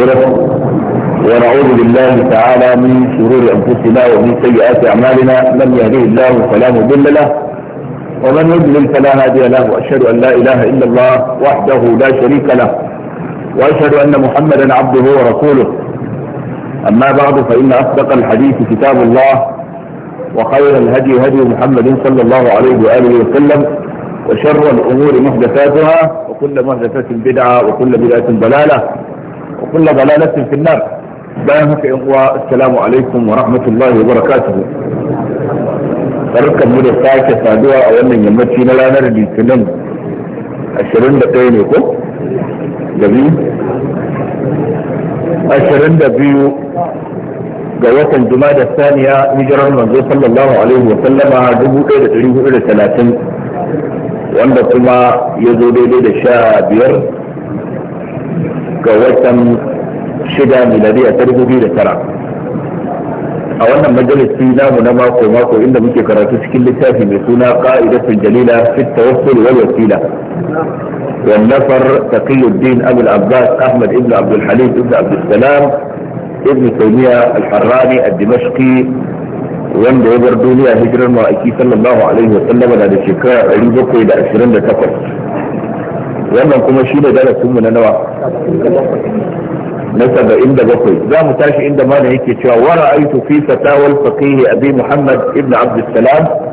مغفرته ونعوذ بالله تعالى من شرور انفسنا ومن سيئات اعمالنا من يهده الله فلا مضل له ومن يضلل فلا هادي له واشهد ان لا اله الا الله وحده لا شريك له واشهد ان محمدا عبده ورسوله اما بعد فان اصدق الحديث كتاب الله وخير الهدي هدي محمد صلى الله عليه واله وسلم وشر الأمور محدثاتها وكل محدثات بدعة وكل بدعة ضلالة وكل ضلالة في النار بيان هكا إخوة السلام عليكم ورحمة الله وبركاته barkan mu da sake saduwa a wannan yammaci na ranar litinin 21 ne ko? da biyu? ga watan juma'a da saniya hijirar manzo sallallahu alaihi wa sallama 1430 wanda kuma ya zo daidai da sha biyar ga watan shida miladi a tarihi biyu da tara a wannan majalisi namu na mako mako inda muke karatu cikin littafi mai suna qa'idatun jalila fi tawassul wal wasila wal nafar taqiyuddin abul abbas ahmad ibn abdul halim ibn abdul salam ibn taymiya al-harrani ad-dimashqi wanda ya bar duniya hijirar ma'aiki sallallahu alaihi wa sallama da shekara 728 wannan kuma shi ne darasinmu na nawa na saba'in da bakwai za mu tashi inda mana yake cewa wara aitu fi fatawal faqihi abi muhammad ibn abdussalam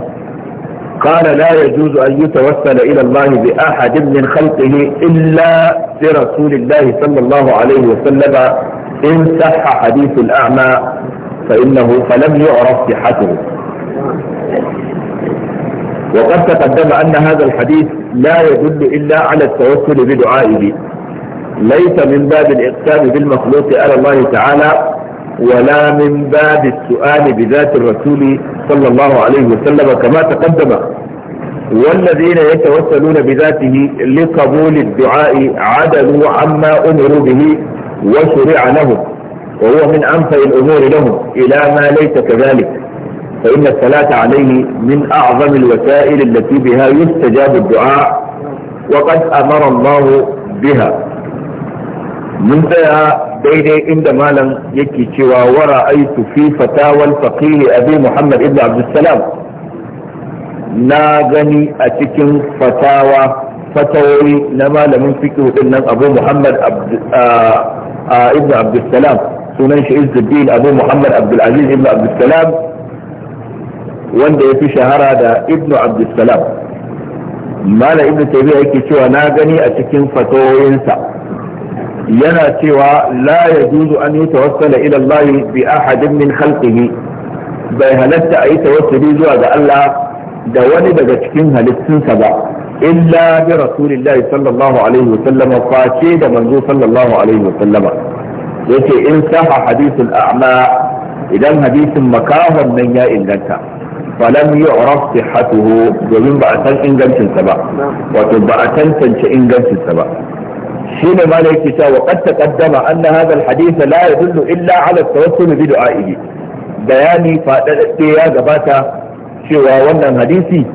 قال لا يجوز أن يتوسل إلى الله بأحد من خلقه إلا برسول الله صلى الله عليه وسلم إن صح حديث الأعمى فإنه فلم يعرف صحته وقد تقدم أن هذا الحديث لا يدل إلا على التوسل بدعائه ليس من باب الإقسام بالمخلوق على الله تعالى ولا من باب السؤال بذات الرسول صلى الله عليه وسلم كما تقدم والذين يتوسلون بذاته لقبول الدعاء عدلوا عما أمروا به وشرع لهم وهو من أنفع الأمور لهم إلى ما ليس كذلك فإن الصلاة عليه من أعظم الوسائل التي بها يستجاب الدعاء وقد أمر الله بها من فيها بيدي إن دمالا يكي شوى ورأيت في فتاوى الفقيه أبي محمد ابن عبد السلام غني أتكن فتاوى فتوي نما لم فكه إن أبو محمد عبد آآ آه، آآ آه، ابن عبد السلام سننش إز الدين أبو محمد عبد العزيز ابن عبد السلام wanda ya fi shahara da ibnu abdussalam mala ibnu taymiya yake cewa na gani a cikin fatoyinsa yana cewa la yajuzu an yatawassala ila Allah bi ahadin min khalqihi bai halatta a yi tawassuli zuwa ga Allah da wani daga cikin halittunsa ba illa bi rasulillahi sallallahu alaihi wa sallama face da manzo sallallahu alaihi wa sallama yace in saha hadithul a'ma idan hadisin makahon nan ya inganta falam yu'raf sihhatuhu domin ba a san ingancinsa ba wato ba a tantance ingancinsa ba shi ne ma da yake cewa wa qad taqaddama anna hadha alhadith la yadullu illa ala tawassul bi du'a'ihi bayani fadadadde ya gabata cewa wannan hadisi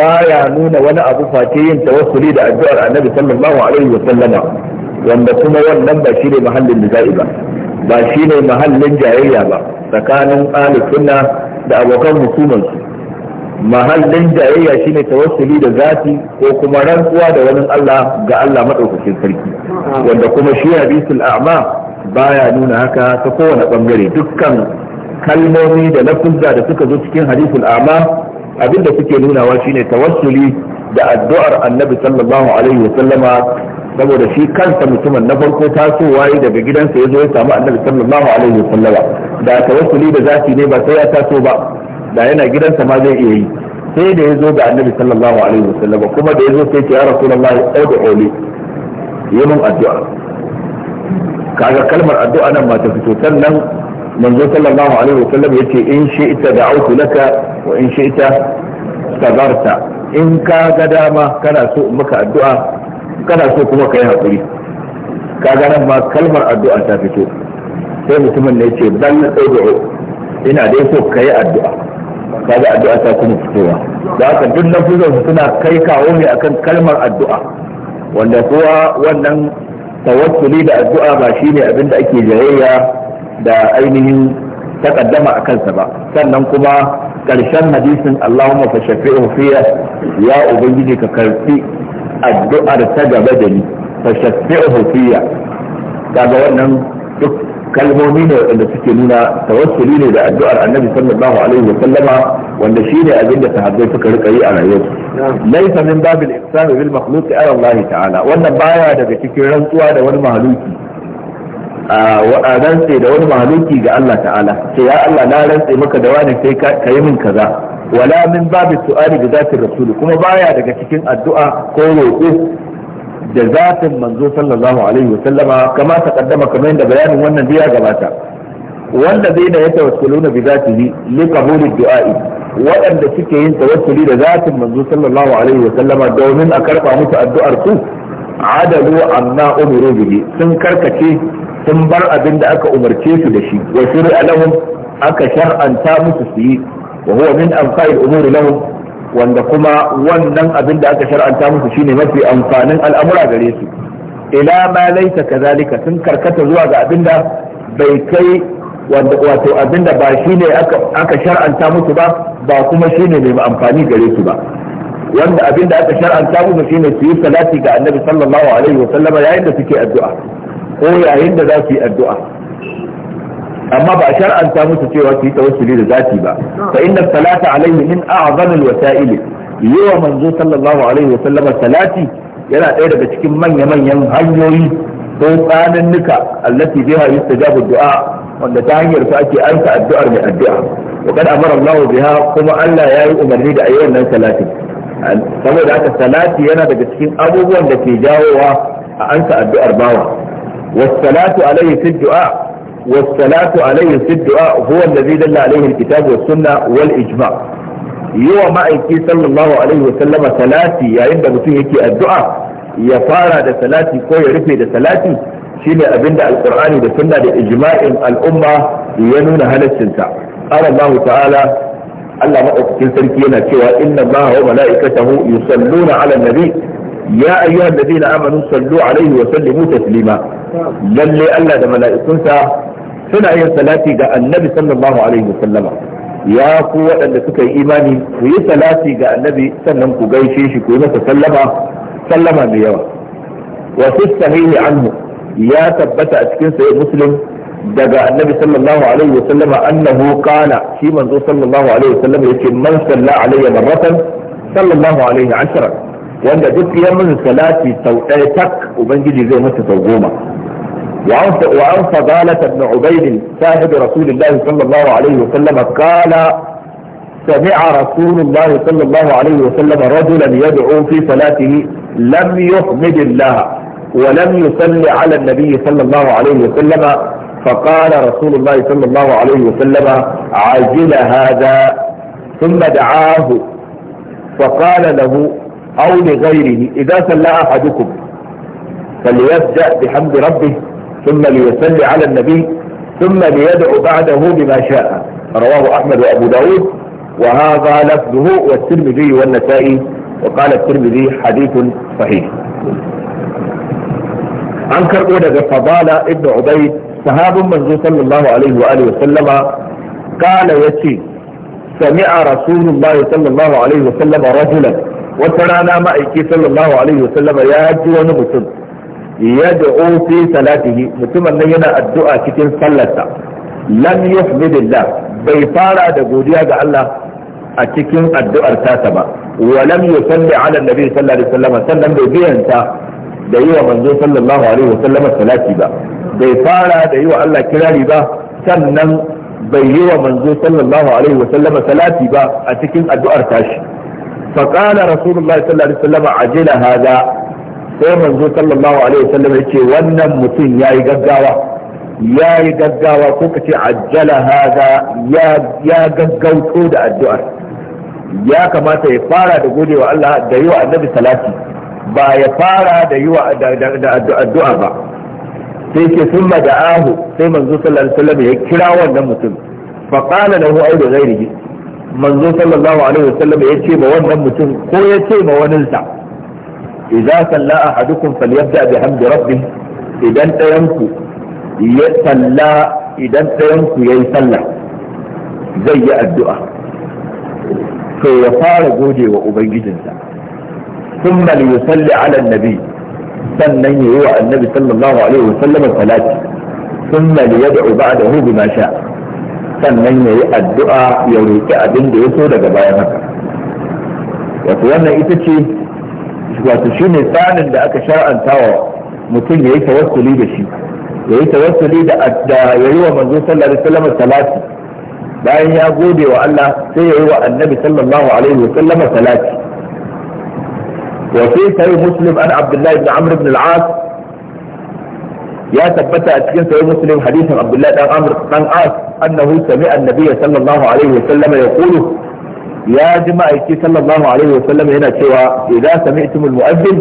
baya nuna wani abu face yin tawassuli da addu'ar annabi sallallahu alaihi wa sallama wanda kuma wannan ba shi ne mahallin da ba ba shi ne mahallin jayayya ba tsakanin ahli sunna da abokan hukumar su mahallin jayayya shine tawassuli da zati ko kuma rantsuwa da wani Allah ga Allah madaukakin sarki wanda kuma shi hadisul a'ma baya nuna haka ta kowane bangare dukkan kalmomi da lafuzza da suka zo cikin hadisul a'ma abinda suke nunawa shine tawassuli da addu'ar annabi sallallahu alaihi wa sallama saboda shi kansa mutumin na farko tasowa yi daga gidansa ya zo ya samu annabi sallallahu alaihi wa sallama da tawassuli da zati ne ba sai ya taso ba da yana gidansa ma zai iya yi sai da ya zo ga annabi sallallahu alaihi wasallam kuma da ya zo sai ce ya rasulullah audu oli yi mun addu'a kaga kalmar addu'a nan ma ta fito sannan manzo sallallahu alaihi wasallam yace in shi'ta da'awtu laka wa in shi'ta sabarta in ka ga dama kana so in maka addu'a kana so kuma kai hakuri kaga nan ma kalmar addu'a ta fito sai mutumin ne yace na tsoro ina dai so kai addu'a kaga addu'a ta kuma fitowa da haka duk lafuzan su suna kai kawo ne akan kalmar addu'a wanda kuwa wannan tawassuli da addu'a ba shine abin da ake jayayya da ainihin takaddama a kansa ba sannan kuma karshen hadisin Allahumma fa shafi'u fiya ya ubangiji ka karfi addu'ar ta gaba da ni fa shafi'u fiya kaga wannan duk kalmomi ne wanda suke nuna tawassuli ne da addu'ar annabi sallallahu alaihi wa sallama wanda shine abin da sahabbai suka rika yi a rayuwarsu laysa min babil ihsan bil makhluq ala Allah ta'ala wannan baya daga cikin rantsuwa da wani mahaluki a rantse da wani mahaluki ga Allah ta'ala sai ya Allah na rantse maka da wani sai ka yi min kaza wala min babi su'ali da zati rasul kuma baya daga cikin addu'a ko roƙo da zatin manzo sallallahu alaihi wasallama kama ta kaddama kamar yadda bayanin wannan biya gabata wanda zai da ya tawassalu na bi zatihi li qabulid du'a'i waɗanda suke yin tawassuli da zatin manzo sallallahu alaihi wasallama domin a karba musu addu'ar su adalu amma umiru bihi sun karkace sun bar abin da aka umarce su da shi wa shir'a lahum aka shar'anta musu su yi wa huwa min anfa'il umuri lahum wanda kuma wannan abin da aka shar'anta musu shine mafi amfanin al'amura gare su ila ma laita kazalika sun karkata zuwa ga abin da bai kai wato abin da ba shine aka shar'anta musu ba ba kuma shine mai amfani gare su ba wanda abin da aka shar'anta musu shine su yi salati ga annabi sallallahu alaihi wa sallama yayin da suke addu'a ko yayin da za su yi addu'a amma ba a shar'anta musu cewa su yi tawassuli da zati ba fa inna salata alaihi min a'zami alwasa'il yawa manzo sallallahu alaihi wa sallama salati yana ɗaya daga cikin manya-manyan hanyoyi ko tsanannuka allati biha yustajabu du'a wanda ta hanyar su ake ansa addu'ar mai addu'a wa kad amara Allah biha kuma Allah ya yi umarni da ayyukan nan salati saboda haka salati yana daga cikin abubuwan da ke jawowa a ansa addu'ar bawa was salatu alaihi fi du'a والصلاة عليه في الدعاء هو الذي دل عليه الكتاب والسنة والإجماع يوم أيكي صلى الله عليه وسلم ثلاثي يا عند متيهك الدعاء ya fara da salati ko ya rufe da salati shine abinda alqur'ani da sunna da ijma'in al'umma ya nuna halaccinsa qala Allah ta'ala Allah madaukakin sarki yana cewa inna Allah wa mala'ikatahu yusalluna 'alan nabi ya ayyuhalladhina amanu sallu 'alaihi wa sallimu taslima Allah da mala'ikunsa suna yin salati ga annabi sallallahu alaihi ya ku waɗanda suka yi imani ku yi salati ga annabi sannan ku gaishe shi ku yi masa sallama sallama mai yawa wa fi sahihi anhu ya tabbata a cikin sahih muslim daga annabi sallallahu alaihi wasallama annahu qala shi manzo sallallahu alaihi wasallama yace man salla alayya marratan sallallahu alaihi ashara wanda duk ya mun salati sau ɗaya tak ubangiji zai masa sau goma وعن فضالة بن عبيد صاحب رسول الله صلى الله عليه وسلم قال سمع رسول الله صلى الله عليه وسلم رجلا يدعو في صلاته لم يحمد الله ولم يصل على النبي صلى الله عليه وسلم فقال رسول الله صلى الله عليه وسلم عجل هذا ثم دعاه فقال له أو لغيره إذا صلى أحدكم فليبدأ بحمد ربه ثم ليصلي على النبي ثم ليدعو بعده بما شاء رواه احمد وابو داود وهذا لفظه والترمذي والنسائي وقال الترمذي حديث صحيح عن اودا فضاله ابن عبيد صحاب من صلى الله عليه واله وسلم قال يتي سمع رسول الله صلى الله عليه وسلم رجلا وترانا معك صلى الله عليه وسلم يا جوان مسلم yad'u fi salatihi mutumin nan yana addu'a cikin sallarsa lam yuhmidillah bai fara da godiya ga Allah a cikin addu'ar tasa ba wa lam yusalli ala nabi sallallahu alaihi wasallam sannan bai biyanta da yi wa manzo sallallahu alaihi wasallam salati ba bai fara da yi wa Allah kirari ba sannan bai yi wa manzo sallallahu alaihi wasallam salati ba a cikin addu'ar tashi فقال رسول الله صلى الله عليه وسلم عجل هذا sai manzo sallallahu alaihi wasallam ya ce wannan mutum ya yi gaggawa ya yi gaggawa ko kace ce ajjala hada ya gaggauto da addu'ar ya kamata ya fara da godewa Allah da yi wa annabi salati ba ya fara da yi wa addu'a ba sai ke summa da ahu sai manzo sallallahu alaihi wasallam ya kira wannan mutum fa qala lahu aw da ghairihi manzo sallallahu alaihi wasallam ya ce ba wannan mutum ko ya ce ma waninsa idza salla ahadukum falyabda bihamdi rabbih idan ɗayanku ya salla idan ɗayanku yayi sallah zai yi addu'a to ya fara gode wa ubangijinsa thumma liyusalli ala annabi sannan yayi wa annabi sallallahu alaihi wasallam salati thumma liyad'u sannan ya yi addu'a ya roƙi abin da ya so daga bayan haka wato wannan ita ce wato shi ne tsanin da aka shar'anta wa mutum ya yi tawassuli da shi ya yi tawassuli da ya yi wa manzo sallar alaihi wasallam salati bayan ya gode wa Allah sai ya yi wa annabi sallallahu alaihi wa sallama salati wa sai sai muslim an abdullahi ibn amr ibn al-as ya tabbata a cikin sai muslim hadisin abdullahi dan amr dan as annahu sami'a annabi sallallahu alaihi wa sallama yaqulu ya ji ma'aiki sallallahu alaihi wa sallam yana cewa idan sami'tumul mu'azzin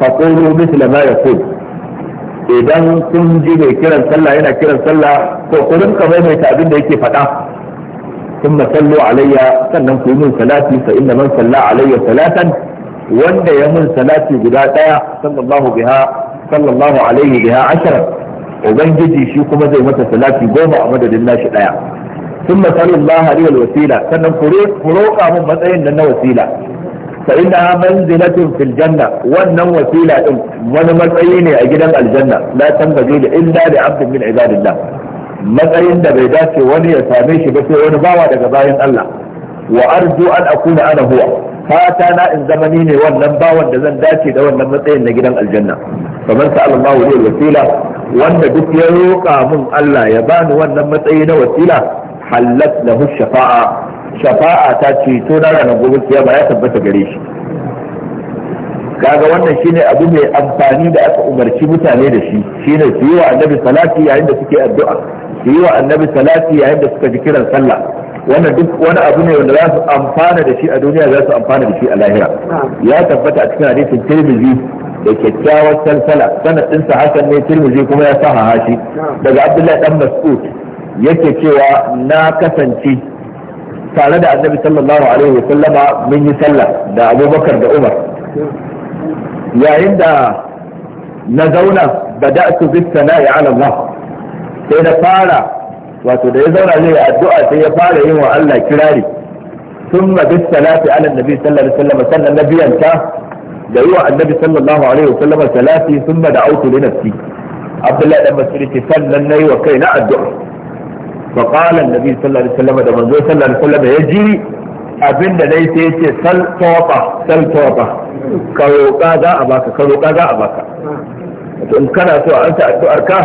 faqulu mithla ma yaqul idan kun ji mai kiran sallah yana kiran sallah to ku rinka maimaita abin da yake faɗa thumma sallu alayya sannan ku yi min salati fa inna man salla alayya salatan wanda ya mun salati guda daya sallallahu biha sallallahu alaihi biha ashara ubangiji shi kuma zai mata salati goma a madadin nashi daya ثم سأل الله لي الوسيلة سنن فروقا من متين لنا وسيلة فإنها منزلة في الجنة وأن وسيلة وأن متين أجل الجنة لا تنبغي إلا لعبد من عباد الله متين بيداك وني يساميش بس وني باوا دقبائن الله وأرجو أن أكون أنا هو فاتانا إن زمنيني وأن باوا دزن داكي دا وأن متين لجل الجنة فمن سأل الله لي الوسيلة وأن دك يروقا من الله يبان وأن متين وسيلة hallat lahu shafa'a shafa'a ta ce to na ranar gobe kiyama ya tabbata gare shi kaga wannan shine abu mai amfani da aka umarci mutane da shi shine su yi wa annabi salati yayin da suke addu'a su yi wa annabi salati yayin da suka ji kiran sallah wannan duk wani abu ne wanda za su amfana da shi a duniya za su amfana da shi a lahira ya tabbata a cikin hadisin tirmidhi da kyakkyawar salsala Sanadinsa sa hasan ne tirmidhi kuma ya sa shi daga abdullahi dan mas'ud yake cewa na kasance tare da annabi sallallahu alaihi wa sallama mun yi sallah da abubakar da umar yayin da na zauna su bisa na ya Allah sai na fara wato da ya zauna zai addu'a sai ya fara yin wa Allah kirari ثم بالصلاة على النبي صلى الله عليه وسلم سنة النبي أنت دعوة النبي صلى الله عليه da ثلاثي ثم دعوت لنفسي عبد na yi wa kai na addu'a. fa qala annabi sallallahu alaihi wasallam da manzo sallallahu alaihi ya ji abinda dai sai yace sal tawba sal tawba ka roƙa za a baka ka roƙa za a so addu'ar ka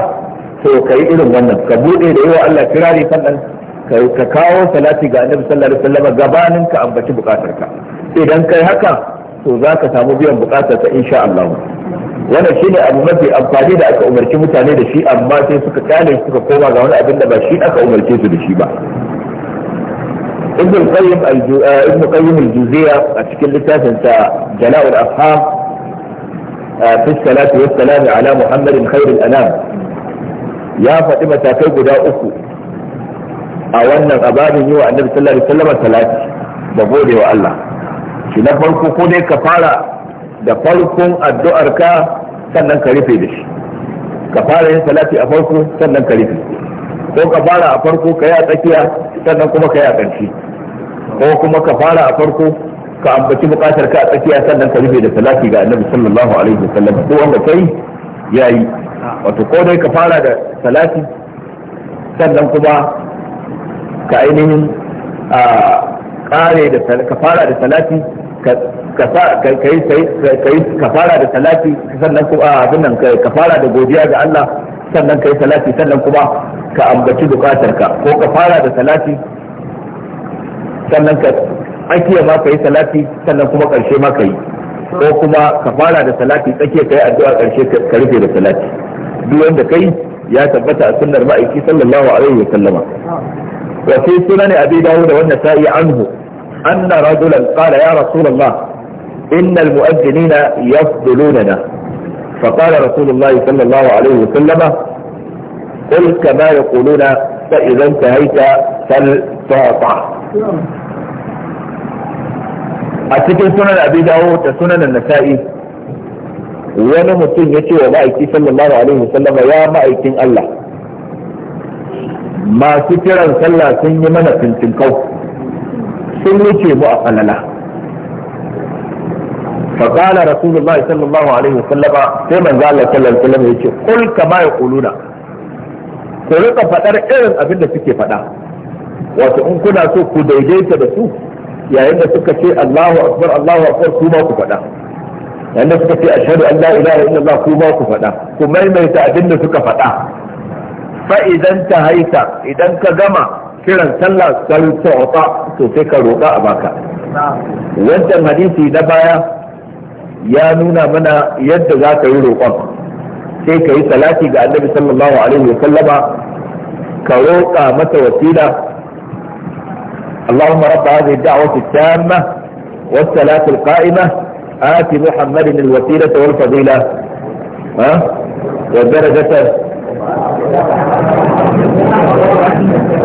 to irin wannan ka bude da yawa Allah kirari kan ka kawo salati ga annabi sallallahu alaihi gabanin ka ambaci bukatarka idan kai haka to za ka samu biyan bukatar ta insha Allah wannan shine abu mafi amfani da aka umarci mutane da shi amma sai suka kale suka koma ga wani abin da ba shi aka umarce su da shi ba ibn qayyim eh, ibn qayyim al-juziyya a cikin littafin sa jala'ul afham eh, fi salati wa salam ala muhammadin khairul anam ya faɗi matakai guda uku a wannan ababin yi wa annabi sallallahu alaihi wasallam salati da gode wa Allah shi na farko ko dai ka fara da farkon addu'ar ka sannan ka rufe da shi ka fara yin salati a farko sannan ka rufe ko ka fara a farko ka yi a tsakiya sannan kuma ka yi a ƙarshe ko kuma ka fara a farko ka ambaci buƙatar ka a tsakiya sannan ka rufe da salati ga annabi sallallahu alaihi wasallam ko wanda kai yayi wato ko dai ka fara da salati sannan kuma ka ainihin a kare da ka fara da salati ka fara da salati sannan kuma ah, abin nan ka fara da godiya ga Allah sannan kai salati sannan kuma ka ambaci ka. ko ka fara da salati sannan ka tsakiya ma ka yi salati sannan kuma karshe ma ka yi ko kuma ka fara da salati tsakiya ka yi addu'a karshe ka rufe da salati duk wanda kai ya tabbata a sunnar ma'aiki sallallahu alaihi wa sallama wa fi sunan abi dawo da wannan sa'i anhu أن رجلا قال يا رسول الله إن المؤذنين يفضلوننا فقال رسول الله صلى الله عليه وسلم قل كما يقولون فإذا انتهيت فالفاطع أتكي سنن أبي داود سنن النسائي wani mutum ya ce wa ma'aiki sallallahu alaihi wasallam ya ma'aikin Allah masu kiran sallah sun sun wuce mu a falala فقال رسول الله صلى الله عليه وسلم sai manzo Allah sallallahu alaihi wasallam yace kul kama yaquluna ko rika fadar irin abin da suke fada wato in kuna so ku daidaita da su yayin da suka ce Allahu akbar Allahu akbar ku ma ku yayin da suka ce ashhadu an la ku ma ku maimaita abin da suka fada fa idan idan ka gama kiran sallah sai ta wata to sai ka roƙa a baka wannan hadisi na baya ya nuna mana yadda za ka yi roƙon sai ka yi salati ga annabi sallallahu alaihi wa sallama ka roƙa mata wasila اللهم رب هذه الدعوة التامة والصلاة القائمة آت محمد الوسيلة والفضيلة ها والدرجة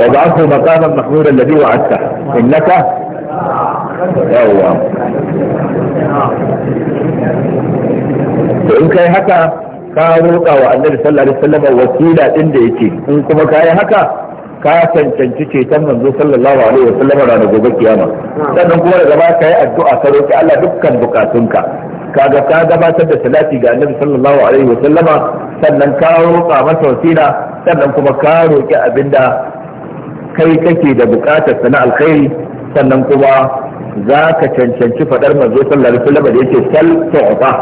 وضعه مقاما محمودا الذي وعدته انك اوا فان كان هكا كاروكا والنبي صلى الله عليه وسلم وسيله ان يجي ان كما كان هكا كاسن تنتشي تم من صلى الله عليه وسلم على نبوة القيامة لأن هو لما كان الدعاء سروك ألا دكا بكاسنك كاغا كاغا ما سد سلاتي قال النبي صلى الله عليه وسلم سنن كاروكا ما توسينا سنن كما كاروكا أبندا kai kake da bukatar sana alkhairi sannan kuma za ka cancanci faɗar manzo sallallahu alaihi wasallam da yake sal tu'ta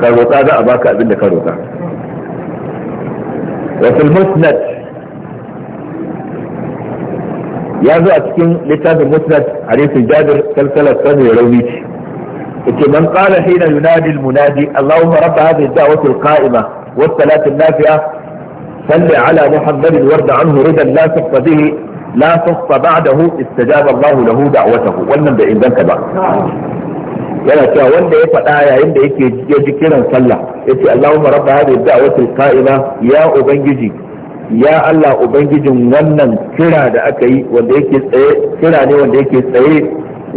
ka roƙa za a baka abin da ka roƙa wa fil musnad ya zo a cikin littafin musnad hadisin jabir salsalar sanu ya rauni ce yace man qala hina yunadi al munadi allahumma rabb hadhihi ad-da'wati al qa'ima was salati an صل على محمد وارض عنه رضا لا تحصى به لا تحصى بعده استجاب الله له دعوته wannan bai inganta ba yana cewa wanda ya faɗa yayin da yake ya ji kiran sallah yace Allahumma rabb hadhihi da'wati al-qa'ima ya ubangiji ya Allah ubangijin wannan kira da aka yi wanda yake tsaye kira ne wanda yake tsaye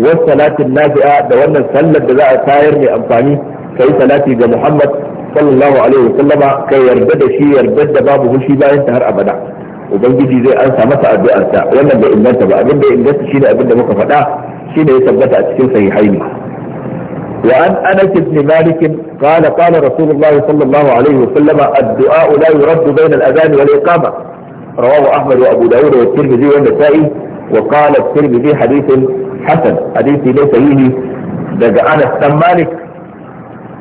wa salatin nafi'a da wannan sallar da za a tayar mai amfani kai salati ga Muhammad sallallahu alaihi wasallama ka yarda da shi yarda da babu hushi bayan ta har abada ubangiji zai ansa masa addu'arsa wannan bai inganta ba abin da inganta shine abin da muka faɗa shine ya tabbata a cikin sahihaini وعن انس بن مالك قال قال رسول الله صلى الله عليه وسلم الدعاء لا يرد بين الاذان والاقامه رواه احمد وابو داود والترمذي والنسائي وقال الترمذي حديث حسن حديث ليس فيه دجا انس بن مالك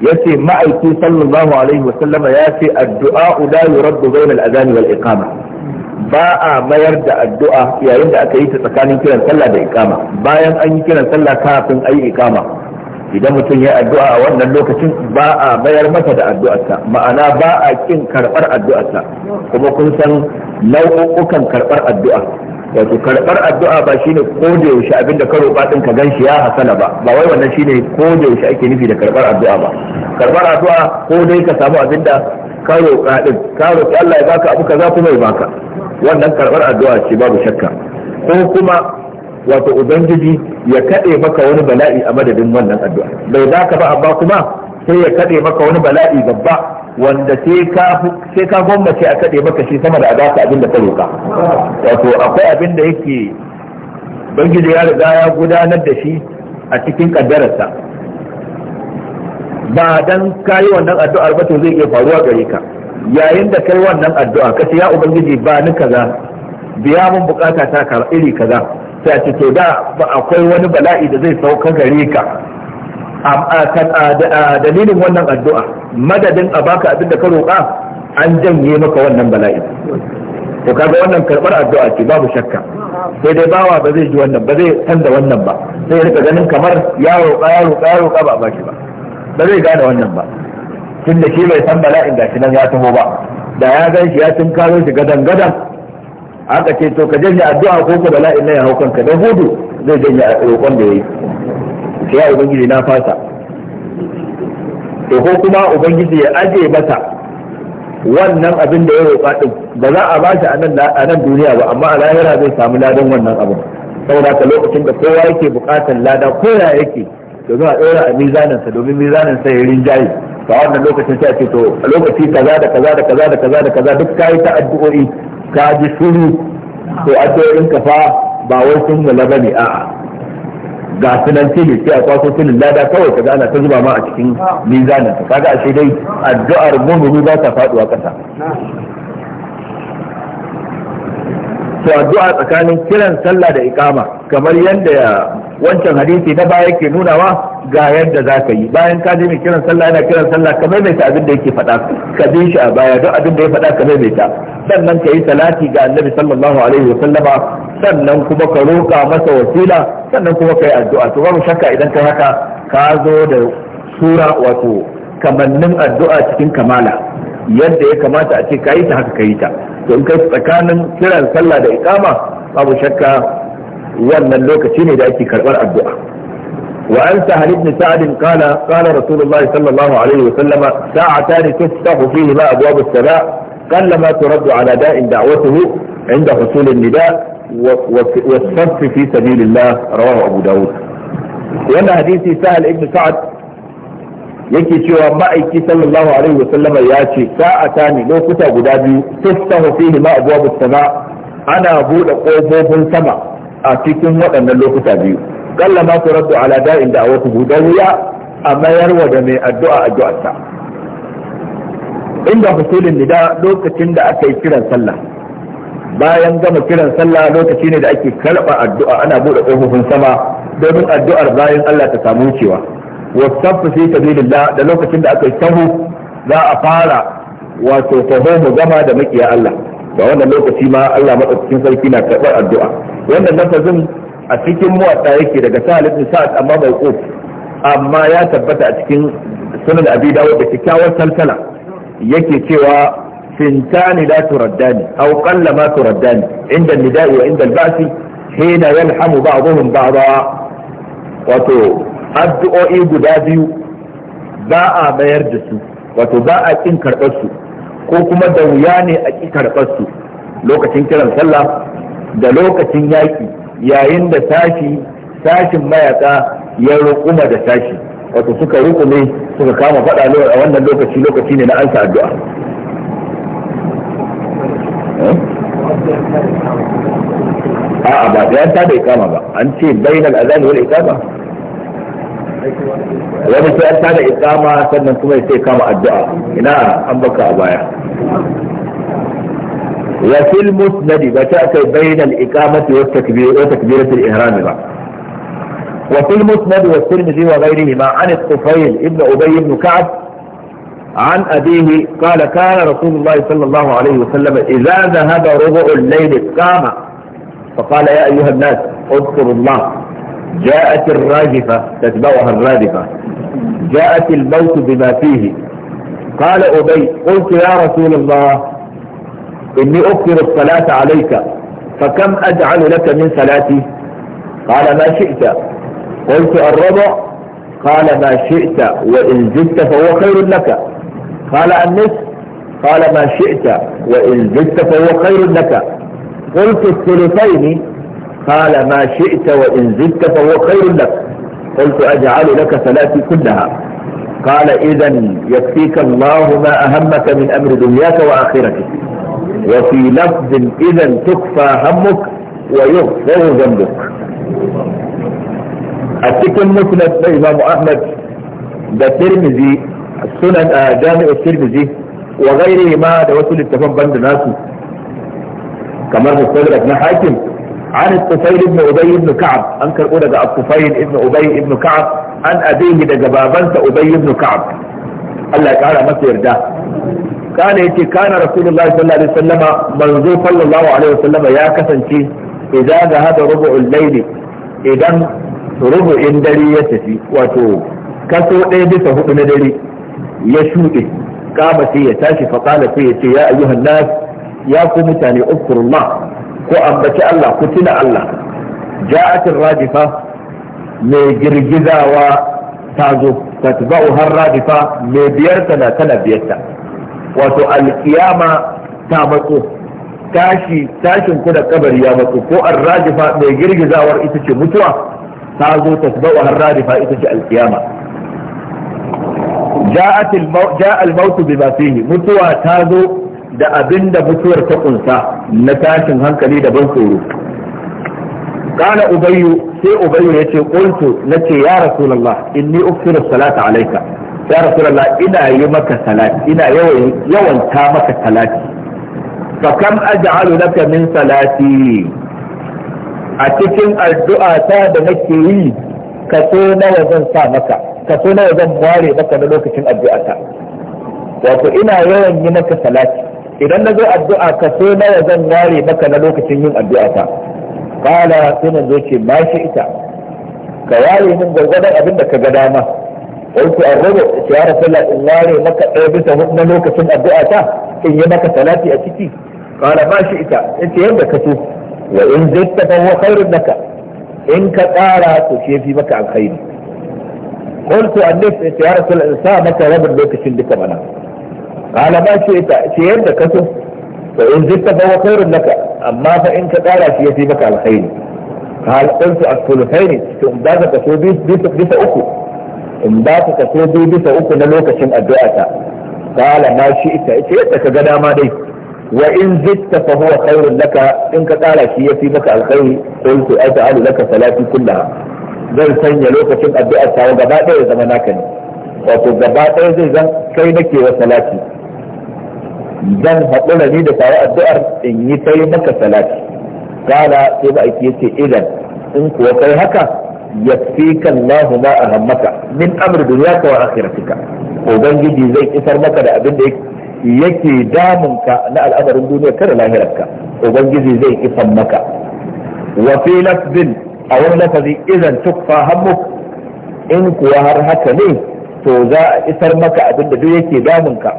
yace ma'aiki sallallahu alaihi wa sallama ya ce addu'a la yuraddu bayna al-adhan wal iqama ba a mayar da addu'a yayin da aka yi ta tsakanin kiran sallah da iqama bayan an yi kiran sallah kafin ayi iqama idan mutum ya addu'a a wannan lokacin ba a mayar masa da addu'arsa ma'ana ba a kin karbar addu'arsa kuma kun san nau'ukan karbar addu'a wato karɓar addu'a ba shine ko da yaushe abinda ka roƙa din ka ganshi ya hasala ba ba wai wannan shine ko da yaushe ake nufi da karɓar addu'a ba karɓar addu'a ko dai ka samu abinda ka roƙa din ka roƙi Allah ya baka abu kaza kuma ya baka wannan karɓar addu'a ce babu shakka ko kuma wato ubangiji ya kaɗe maka wani bala'i a madadin wannan addu'a bai za ka ba amma kuma sai ya kaɗe maka wani bala'i babba wanda sai ka gwammace a kaɗe maka shi sama da a gasa abin da ka roƙa wato akwai abin da yake bangiji ya riga ya gudanar da shi a cikin ƙaddararsa ba dan ka yi wannan addu'ar ba to zai iya faruwa gare ka yayin da kai wannan addu'a kace ya ubangiji ba ni kaza biya mun bukata ta iri kaza sai a ce to da akwai wani bala'i da zai sauka gare ka dalilin wannan addu'a madadin a baka abin da ka roƙa an janye maka wannan bala'i to kaga wannan karɓar addu'a ce babu shakka sai dai bawa ba zai ji wannan ba zai san da wannan ba sai rika ganin kamar ya roƙa ya roƙa ya roƙa ba a bashi ba ba zai gane wannan ba tun da shi bai san bala'in ga shi nan ya taho ba da ya gan shi ya tun kawo shi gadan gadan aka ce to ka janye addu'a ko ku bala'in nan ya hau kanka dan hudu zai janye roƙon da ya yi. ya ubangiji na fasa to ko kuma ubangiji ya aje masa wannan abin da ya roƙa din ba za a ba shi a nan duniya ba amma a lahira zai samu ladan wannan abin saboda ka lokacin da kowa yake buƙatar lada ko ya yake domin a ɗora a sa domin sa ya rinjaye to wannan lokacin sai a ce to a lokaci kaza da kaza da kaza da kaza da kaza duk kai ta addu'o'i ka ji shiru to addu'o'in ka fa ba wai sun mula ne a'a ga sunan tili sai a kwaso tilin lada kawai kaga ana ta zuba ma a cikin mizanin ka kaga ashe dai addu'ar mu'mini ba ta faduwa kasa to addu'a tsakanin kiran sallah da ikama, kamar yadda wancan hadisi na baya yake nunawa ga yadda za ka yi bayan ka je mai kiran sallah yana kiran sallah ka maimaita abin da yake faɗa ka bi shi a baya duk abin da ya faɗa ka maimaita sannan ka yi salati ga annabi sallallahu alaihi wa sallama sannan kuma ka roƙa masa wasila sannan kuma ka yi addu'a to babu shakka idan ka haka ka zo da sura wato kamannin addu'a cikin kamala yadda ya kamata a ce ka yi ta haka ka yi ta to in kai tsakanin kiran sallah da iqama babu shakka wannan lokaci ne da ake karɓar addu'a wa an sahal ibn sa'd qala qala rasulullahi sallallahu alaihi wa sallama sa'atan tuftahu fihi ma abwabu as-sama' qalla ma turaddu ala da'in عند حصول النداء والصرف في سبيل الله رواه أبو داود وانا حديثي سهل ابن سعد yake cewa ma'aiki sallallahu alaihi wa sallama ya ce sa'ata ne lokuta guda biyu tuftahu fihi ma abwabus sama ana bude kofofin sama a cikin waɗannan lokuta biyu kalla ma turaddu ala da'in da awatu budawiya a mayar wa da mai addu'a addu'arsa inda husulin nida lokacin da aka yi kiran sallah bayan gama kiran sallah lokaci ne da ake karɓa addu'a ana buɗe ƙofofin sama domin addu'ar bayan Allah ta samu wucewa wasafu fi sabilillah da lokacin da aka yi tahu za a fara wato taho mu gama da makiya Allah da wannan lokaci ma Allah madaukakin sarki na karɓar addu'a wannan lafazin a cikin muwatta yake daga Sa'ad ibn Sa'ad amma bai amma ya tabbata a cikin sunan Abi Dawud da kyakkyawar salsala yake cewa sintani la turaddani aw qalla ma turaddani inda nida'i wa inda al-ba'si hina yalhamu ba'dhum ba'dha wato addu'o'i guda biyu ba a bayar da su wato ba a kin karɓar su ko kuma da wuya ne a ki karɓar su lokacin kiran sallah da lokacin yaki yayin da sashi sashin mayaka ya rukuma da sashi wato suka rukume suka kama faɗa a wannan lokaci lokaci ne na ansa addu'a a'a ba sai an tada ikama ba an ce bainal azan wal ikama wani sai an tada ikama sannan kuma ya sai kama addu'a ina an baka a baya wa fil musnad ba ta kai bainal ikamati wa takbir wa takbirat al ihram ba wa fil musnad wa tirmidhi wa ghayrihima an al-tufail ibn ubay ibn ka'b عن أبيه قال كان رسول الله صلى الله عليه وسلم إذا ذهب ربع الليل قام فقال يا أيها الناس اذكروا الله جاءت الراجفة تتبعها الرادفة جاءت الموت بما فيه قال أبي قلت يا رسول الله إني أكثر الصلاة عليك فكم أجعل لك من صلاتي قال ما شئت قلت الربع قال ما شئت وإن زدت فهو خير لك قال النصف قال ما شئت وإن زدت فهو خير لك قلت الثلثين قال ما شئت وإن زدت فهو خير لك قلت أجعل لك ثلاثي كلها قال إذا يكفيك الله ما أهمك من أمر دنياك وآخرتك وفي لفظ إذا تكفى همك ويغفر ذنبك التكن مسند الإمام أحمد ده ترمذي sunan a ah, jami'a tirmidhi wa ghairihi ma da wasu littafan ban da nasu kamar mustadrak na hakim an tufayl ibn ubay ibn ka'ab an karbo daga tufayl ibn ubay ibn ka'ab an abihi daga babansa ubay ibn ka'ab Allah ya kara masa yarda kana yace kana rasulullahi sallallahu alaihi wasallama manzo sallallahu alaihi wasallama ya kasance idza ga hada rubu'ul layl idan rubu'in dare ya tafi wato kaso ɗaya bisa hudu na dare ya shuɗe kama sai ya tashi faƙala sai ya ce ya ayyuhan nas ya ku mutane ukurullah ko ambaci Allah ku tuna Allah ja'atir radifa mai girgizawa ta zo tatba'u har radifa mai biyar ta na tana biyarta wato alkiyama ta matso tashi tashin ku da kabari ya matso ko arrajifa mai girgizawar ita ce mutuwa ta zo tasba'u har radifa ita ce alkiyama ja al-mautu bi mutuwa ta zo da abinda mutuwar ta kunsa na tashin hankali da ban tsoro kana ubayyu sai ubayyu yace qultu nace ya rasulullah inni uksiru salata alayka ya rasulullah ina yi maka salati ina yawan yawan ta maka salati fa kam aj'alu laka min a cikin addu'ata da nake yi kaso nawa zan sa maka kaso nawa zan ware maka na lokacin addu'ata wato ina yawan yi maka salati idan na zo addu'a kaso nawa zan ware maka na lokacin yin addu'ata kala sai zo ce ma shi ita ka ware min gwargwadon abin da ka ga dama wato a rage ce ya rasulullah in ware maka ɗaya bisa na lokacin addu'ata in yi maka salati a ciki kala ma shi ita yace yadda ka so wa in zai ta huwa khairun naka in ka tsara to shi fi maka alkhairi qultu annabi ya rasul sa maka rabin lokacin duka bana. qala ba ce ta ce yadda ka so To in zitta fa khairun laka amma fa in ka tsara shi fi maka alkhairi qala qultu as-sulufaini to in ba ka so bi bisa uku in ba ka so bi bisa uku na lokacin addu'a ta qala ma shi ita ce yadda ka ga dama dai وإن زدت فهو خير لك إن قال شيء في بك الخير قلت أجعل لك ثلاثي كلها زي سنة لوكا شب أبي أسعى وقبا دي زمنا كان وقل قبا دي زم سينك وثلاثي زم هقول لي دي سعى الدئر إن يتي مك ثلاثي قال سيبا إتيتي إذا إن كوكي هكا يكفيك الله ما أهمك من أمر دنياك وآخرتك وبنجي زي إسر مك لأبنك yake damunka na al'amarin duniya kada lahirarka ubangiji zai isan maka wa fi lafzin a wani lafazi idan tukfa hammuk in kuwa har haka ne to za a isar maka abinda duk yake damunka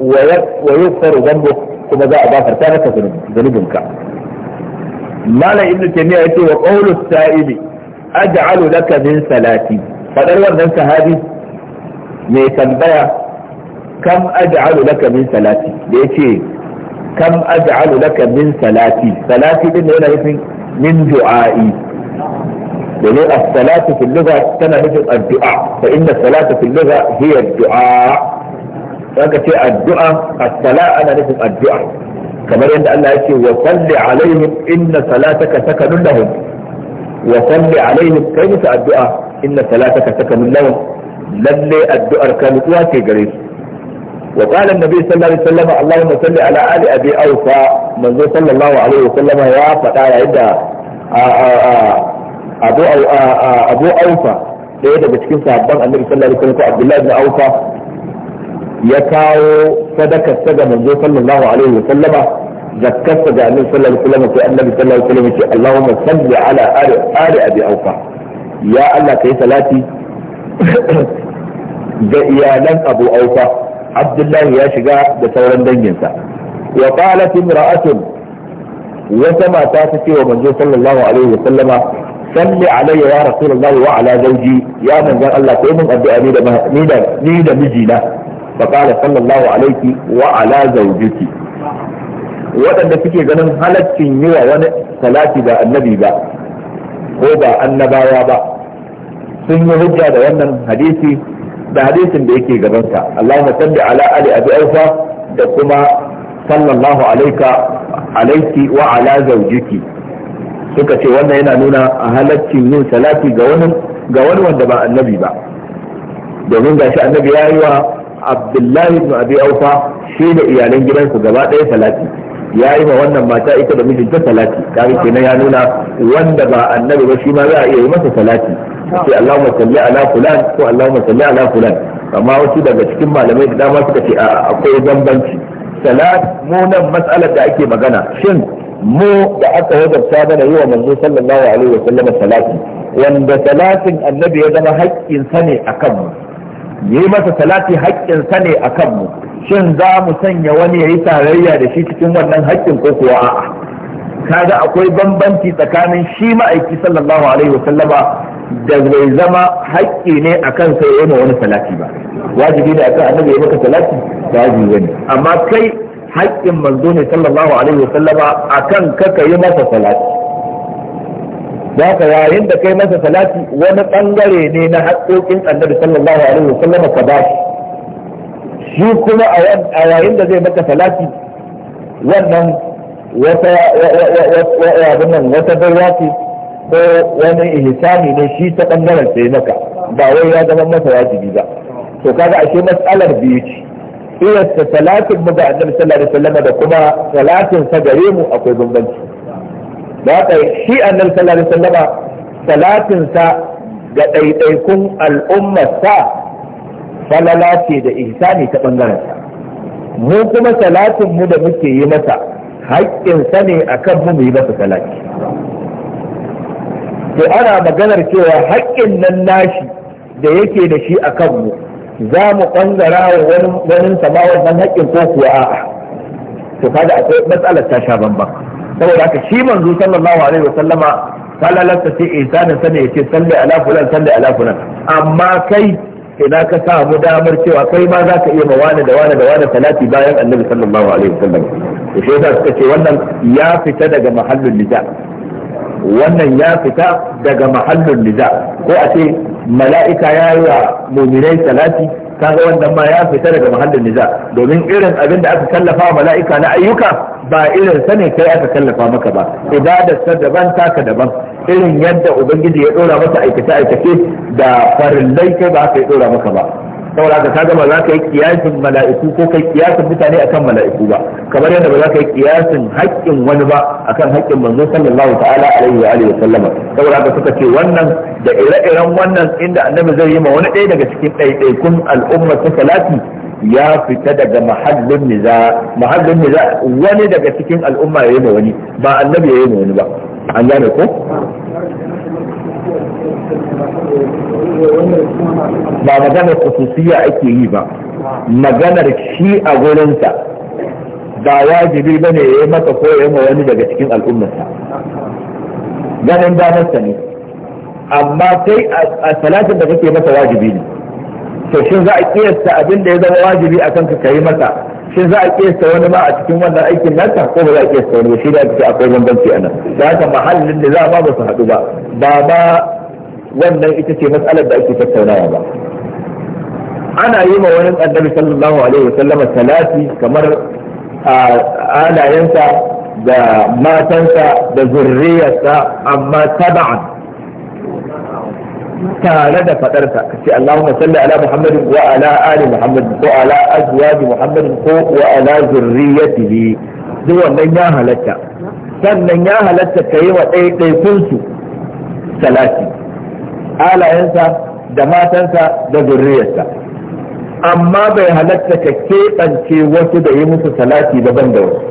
wa yusaru zambo kuma za a gafarta maka zunubinka malam ibnu taymiya yace wa qawlu sa'ili aj'alu laka min salati fadar wannan sahabi mai tambaya kam aj'alu laka min salati da yace kam aj'alu laka min salati salati din yana nufin min du'a'i domin as-salatu fil lugha tana nufin addu'a fa inna as-salatu fil lugha hiya ad-du'a saka ce addu'a as-sala ana nufin addu'a kamar yadda Allah yake wa salli alaihim inna salataka sakanun lahum wa salli alaihim kai musu addu'a inna salataka sakanun lahum lalle addu'ar ka nutsuwa ce gare su وقال النبي صلى الله عليه وسلم اللهم صل على ال ابي اوفى من صلى الله عليه وسلم يا فتى عند آه، آه، آه، ابو ابو اوفى إيه ده يدا بتكين صحابان النبي صلى الله عليه وسلم عبد الله بن اوفى يا كاو صدق صدق من صلى الله عليه وسلم ذكرت النبي صلى الله عليه وسلم في النبي صلى الله عليه وسلم يقول اللهم صل على ال ال ابي اوفى يا الله كيف صلاتي ده يا ابو اوفى abdullahi ya shiga da sauran danginsa wa qalat imra'atun wata mata ta ce wa manzo sallallahu alaihi wa sallama salli alayya ya rasulullahi wa ala zawji ya manzon Allah kai mun addu'a ni da ni da mijina fa qala sallallahu alaihi wa ala zawjiki waɗanda suke ganin halaccin yi wa wani salati ba annabi ba ko ba bawa ba sun yi hujja da wannan hadisi da hadisin da yake gabansa Allahumma salli ala ali abi aufa da kuma sallallahu alaika alaiki wa ala zaujiki suka ce wannan yana nuna a halaccin yin salati ga wani ga wani wanda ba annabi ba domin gashi annabi ya yi wa abdullahi ibn abi aufa shi da iyalan gidansa gaba ɗaya salati ya yi wa wannan mata ita da mijinta salati kaga kenan ya nuna wanda ba annabi ba shi ma za a iya yi masa salati sai Allahumma salli ala fulan ko Allahumma salli ala fulan amma wasu daga cikin malamai da dama suka ce akwai bambanci salat mu nan mas'alar da ake magana shin mu da aka wajabta mana yi wa manzo sallallahu alaihi wa sallam salati wanda salatin annabi ya zama haƙƙin sa ne akan mu yi masa salati haƙƙin sa ne akan mu shin za mu sanya wani ya yi tarayya da shi cikin wannan haƙƙin ko kuwa a'a kaga akwai bambanci tsakanin shi ma'aiki sallallahu alaihi wa sallama da bai zama haƙƙi ne a kan sai ya ma wani salati ba wajibi ne akan annabi ya maka salati ba yi ne amma kai haƙƙin manzo ne sallallahu alaihi wa sallama akan ka yi masa salati za ka yayin da kai masa salati wani bangare ne na haƙƙoƙin annabi sallallahu alaihi wa sallama ka bashi shi kuma a yayin da zai maka salati wannan wata abin nan wata barwa ce ko wani ihsani ne shi ta bangaren sai maka ba wai ya zama masa wajibi ba to kaga ashe matsalar biyu ce iyasta salatin mu ga annabi sallallahu alaihi wasallam da kuma salatin sa gare mu akwai bambanci da haka shi annabi sallallahu alaihi wasallam salatin sa ga ɗaiɗaikun al'umma sa falala ce da ihsani ta bangaren sa mu kuma salatin mu da muke yi masa haƙƙinsa ne a kan mu yi masa salati to ana maganar cewa haƙƙin nan nashi da yake da shi a kanmu za mu ɓangara wa wani sama wannan haƙƙin ko kuwa a'a to kada akwai matsalar ta sha bamban saboda haka shi manzo sallallahu alaihi wa sallama falalarsa ce isanin sani ya ce salli ala fulan salli ala fulan amma kai ina ka samu damar cewa kai ma za ka iya ma wani da wani da wani salati bayan annabi sallallahu alaihi wa sallam to shi yasa suka ce wannan ya fita daga mahallin nida wannan ya fita daga mahallin nida ko a ce mala'ika ya yi wa muminai salati kaga wannan ma ya fita daga mahallin nida domin irin abin da aka tallafa wa mala'ika na ayyuka ba irin sa ne kai aka kallafa maka ba ibadarsa daban taka daban irin yadda ubangiji ya dora masa aikace aikace da farillai kai ba aka ya dora maka ba saboda ka kaga ba za ka yi kiyasin mala'iku ko kai kiyasin mutane akan mala'iku ba kamar yadda ba za ka yi kiyasin haƙƙin wani ba akan haƙƙin manzo sallallahu ta'ala alaihi wa alihi sallama saboda ka suka ce wannan da ire-iren wannan inda annabi zai yi ma wani ɗaya daga cikin ɗaiɗaikun al'umma ta salati ya fita daga mahallin niza mahallin niza wani daga cikin al'umma ya yi ma wani ba annabi ya yi ma wani ba an gane ko ba maganar kususiya ake yi ba maganar shi a gurinsa ba wajibi ba ne ya yi maka ko ya ma wani daga cikin al'ummarsa ganin damarsa ne amma sai a salatin da kake masa wajibi ne to shin za a kiyasta abin da ya zama wajibi a kanka ka yi masa shin za a kiyasta wani ma a cikin wannan aikin nasa ko ba za a kiyasta wani ba shi da ake akwai bambanci a nan da haka mahallin da za a ba ba su haɗu ba ba ba wannan ita ce matsalar da ake tattaunawa ba ana yi ma wani annabi sallallahu alaihi wasallama salati kamar alayensa da matansa da zurriyarsa amma taba'an tare da fadarsa ka ce Allahumma salli ala Muhammadin wa ala ali Muhammadin ko ala azwaji Muhammadin ko wa ala zurriyatihi duk wannan ya halatta sannan ya halatta ka yi wa ɗaiɗaikun salati halayensa da matansa da zurriyarsa amma bai halatta ka keɓance wasu da yi musu salati daban da wasu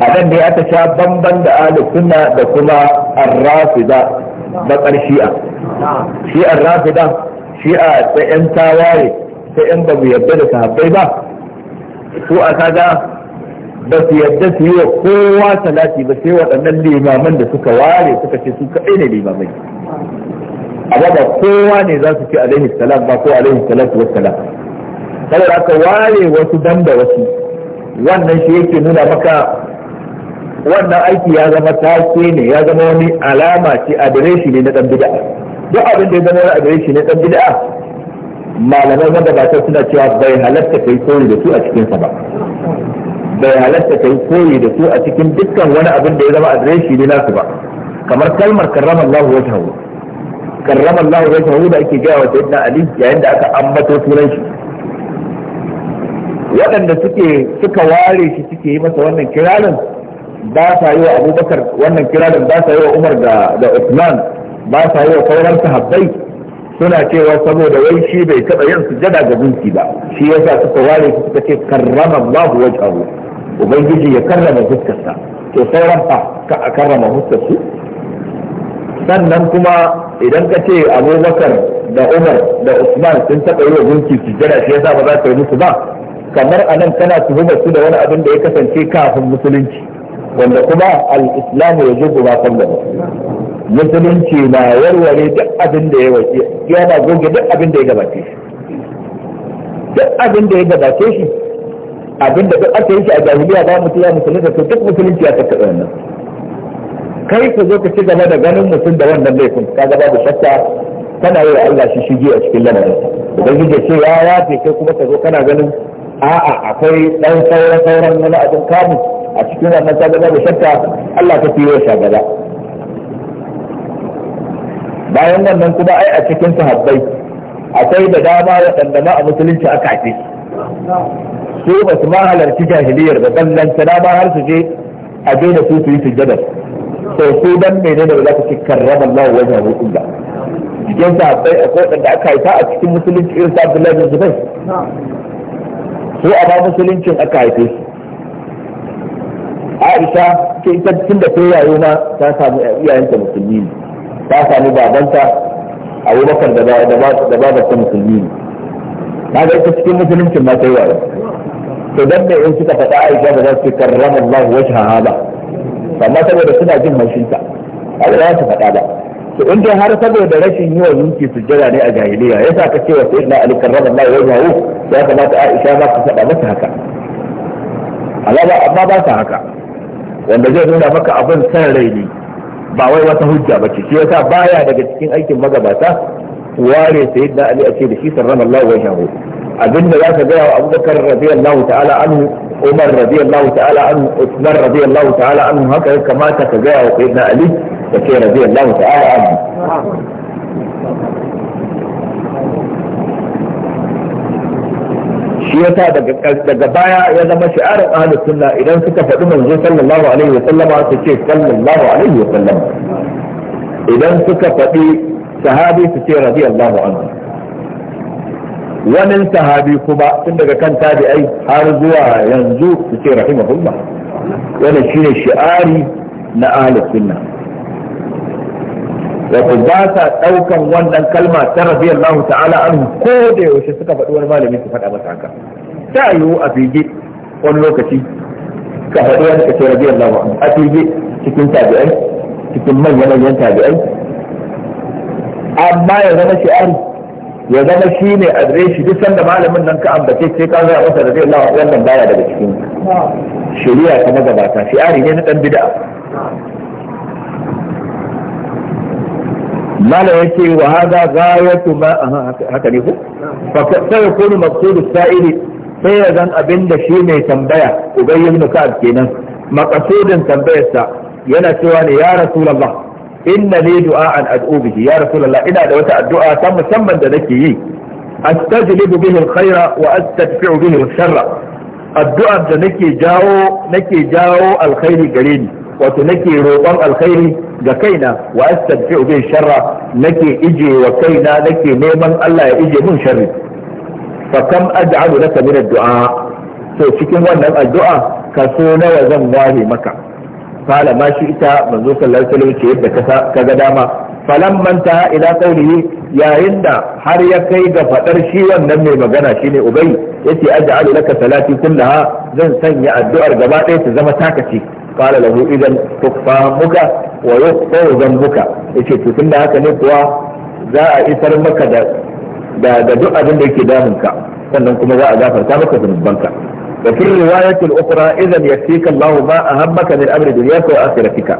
a nan dai aka sha bamban da ahli sunna da kuma arrafida bakar shi'a shi arrafida shi'a ta yan tawaye ta yan ba mu yarda da sahabbai ba Ko a kaga ba su yadda su yi wa kowa salati ba sai waɗannan limaman da suka ware suka ce su kaɗai ne limamai amma ba kowa ne za su ce alaihi salam ba ko alaihi salatu wassalam saboda aka ware wasu dan da wasu wannan shi yake nuna maka wannan aiki ya zama take ne ya zama wani alama ce adireshi ne na dan bid'a duk abin da ya zama wani adireshi ne dan bid'a malamai wanda ba suna cewa bai halatta kai koyi da su a cikin sa ba bai halatta ta yi koyi da su a cikin dukkan wani abin da ya zama adireshi ne nasu ba kamar kalmar karrama Allahu wajhahu karrama Allahu wajhahu da ake gaya wa sayyidina Ali yayin da aka ambato sunan shi waɗanda suke suka ware shi suke yi masa wannan kiranin ba sa yi wa Abubakar wannan kiranin ba sa yi wa Umar da da Uthman ba sa yi wa sauran sahabbai suna cewa saboda wai shi bai taɓa yin sujada ga gunki ba shi yasa suka ware shi suka ce karrama Allahu wajhahu ubangiji ya karrama fuskarsa to sauran fa ka a karrama fuskarsu sannan kuma idan ka ce abubakar da umar da usman sun taɓa yi wa gunki su jira shi yasa ba za ka yi musu ba kamar a nan kana tuhumar su da wani abin da ya kasance kafin musulunci wanda kuma al-islamu ya jibu ba kan musulunci na warware duk abin da ya wace yana goge duk abin da ya gabace shi duk abin da ya gabace shi abinda duk aka yi shi a jahiliya ba mutum ya musulunta to duk musulunci ya saka wannan kai ku zo ka ci gaba da ganin mutum da wannan laifin ka gaba da shakka kana yi wa Allah shi shige a cikin lamarin ubangiji ce ya yafe kai kuma ka zo kana ganin a'a akwai dan sauran sauran wani abin kamu a cikin wannan ka gaba da shakka Allah ta fiye shi gaba bayan wannan kuma ai a cikin sahabbai akwai da dama waɗanda ma a musulunci aka ce su ba su ma halarci jahiliyar ba dan nan sana ba har su je a daina su su yi sujjadar to su dan ne da za ku ci karrama Allah wajen hukun ba cikin sahabbai akwai da aka haifa a cikin musulunci irin sa Abdullahi bin Zubair su a ba musuluncin aka haife su Aisha ke ita tun da sai yayo ma ta samu iyayenta musulmi ne ta samu babanta Abubakar da da da musulmi ne ta ga ita cikin musuluncin ma ta yayo to dan in suka faɗa aisha ba za su karrama Allah wajhaha ba amma saboda suna jin haushinta ba za su faɗa ba to in dai har saboda rashin yi wa gunki sujjada ne a jahiliya yasa ka ce wa sayyidina ali karrama Allah wajhahu ya kamata aisha za ka faɗa mata haka amma ba ta haka wanda zai nuna maka abin san rai ne ba wai wata hujja ba ce shi yasa baya daga cikin aikin magabata ware sayyidina ali a ce da shi karrama Allah wajhahu abinda za ka gaya wa abubakar radiyallahu ta'ala anhu umar radiyallahu ta'ala anhu usman radiyallahu ta'ala anhu haka ya kamata ka gaya wa sayyidina ali da ke radiyallahu ta'ala anhu shi yasa daga baya ya zama shi'arin ahlus sunna idan suka faɗi manzo sallallahu alaihi wa sallama su ce sallallahu alaihi wa sallama idan suka faɗi sahabi su ce radiyallahu anhu wani sahabi kuma tun daga kan tabi'ai har zuwa yanzu su ce rahimahullah shi ne shi'ari na ahlus sunna wato ba sa ɗaukan wannan kalma ta radiyallahu ta'ala anhu ko da yaushe suka faɗi wani malami su faɗa masa haka ta yiwu a fige wani lokaci ka faɗi wani ka ce radiyallahu anhu a fige cikin tabi'ai cikin manyan manyan tabi'ai amma ya zama shi'ari ya zama shi ne adireshi duk sanda malamin nan ka ambace sai ka zaya masa da zai lawa wannan baya daga cikin shari'a ta magabata shi'ari ne na dan bid'a mala yace wa hada ghayatu ma haka ne ko fa sai yakunu maqsudu sa'ili sai ya zan abinda shi mai tambaya ubayyin ka'ab kenan maqsudin tambayarsa yana cewa ne ya rasulullah inna li du'a'an ad'u bihi ya rasulullah ina da wata addu'a ta musamman da nake yi astajlibu bihi alkhaira wa astadfi'u bihi alsharra addu'a da nake jawo nake jawo alkhairi gare ni wato nake roƙon alkhairi ga kaina wa astadfi'u bihi sharra nake ije wa kaina nake neman Allah ya ije mun sharri fa kam aj'alu laka min addu'a So cikin wannan addu'a kaso nawa zan ware maka qala ma shi ita manzo sallallahu alaihi wasallam ce yadda ka ga dama falamman ta idan qawlihi yayin da har ya kai ga fadar shi nan mai magana shine ubai yace aj'alu ka salati kullaha zan sanya addu'ar gaba ta zama takaci قال له اذا تكفى بك ويغفر ذنبك yace to tunda haka ne kuwa za a isar maka daga duk abin da yake ka wannan kuma za a gafarta maka zunubanka وفي الرواية الأخرى إذا يكفيك الله ما أهمك من أمر دنياك وآخرتك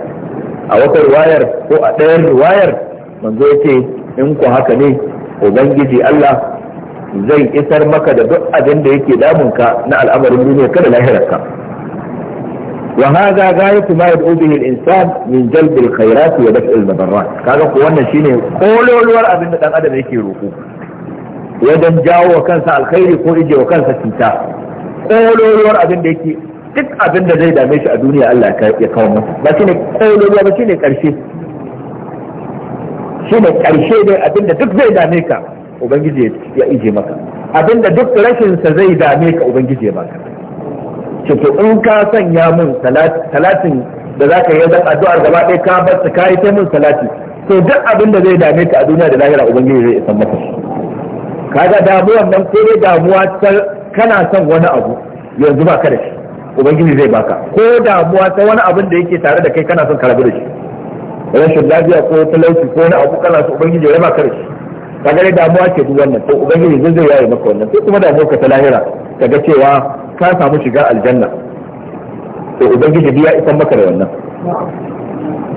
أو رواية هو رواية من زوجتي إنكو هكذا وبنجي الله zai isar maka da duk abinda da yake damunka na al'amarin duniya kada lahirarka wa hadha ghayatu ma yad'u bihi al-insan min jalb al-khairat wa daf' kaga ko wannan shine kololuwar abin da dan adam yake roko wajen jawo wa kansa alkhairi ko ije wa kansa cuta kololuwar abin da yake duk abin da zai dame shi a duniya Allah ya kawo masa ba shine kololuwa ba shine karshe shine karshe ne abin da duk zai dame ka ubangiji ya ije maka abin da duk rashin sa zai dame ka ubangiji ya baka ce to in ka sanya mun salatin da zaka yi da addu'ar gaba ɗaya ka bar ta kai ta mun salati to duk abin da zai dame ka a duniya da lahira ubangiji zai isa maka kaga damuwan nan ko ne damuwa ta kana son wani abu yanzu ba ka da shi ubangiji zai baka ko damuwa ta wani abin da yake tare da kai kana son ka da shi rashin lafiya ko talauci ko wani abu kana son ubangiji ya baka da shi kaga dai damuwa ce duk wannan to ubangiji zai zai yaye maka wannan sai kuma damuwa ka ta lahira Ka ga cewa ka samu shiga aljanna to ubangiji biya isan maka da wannan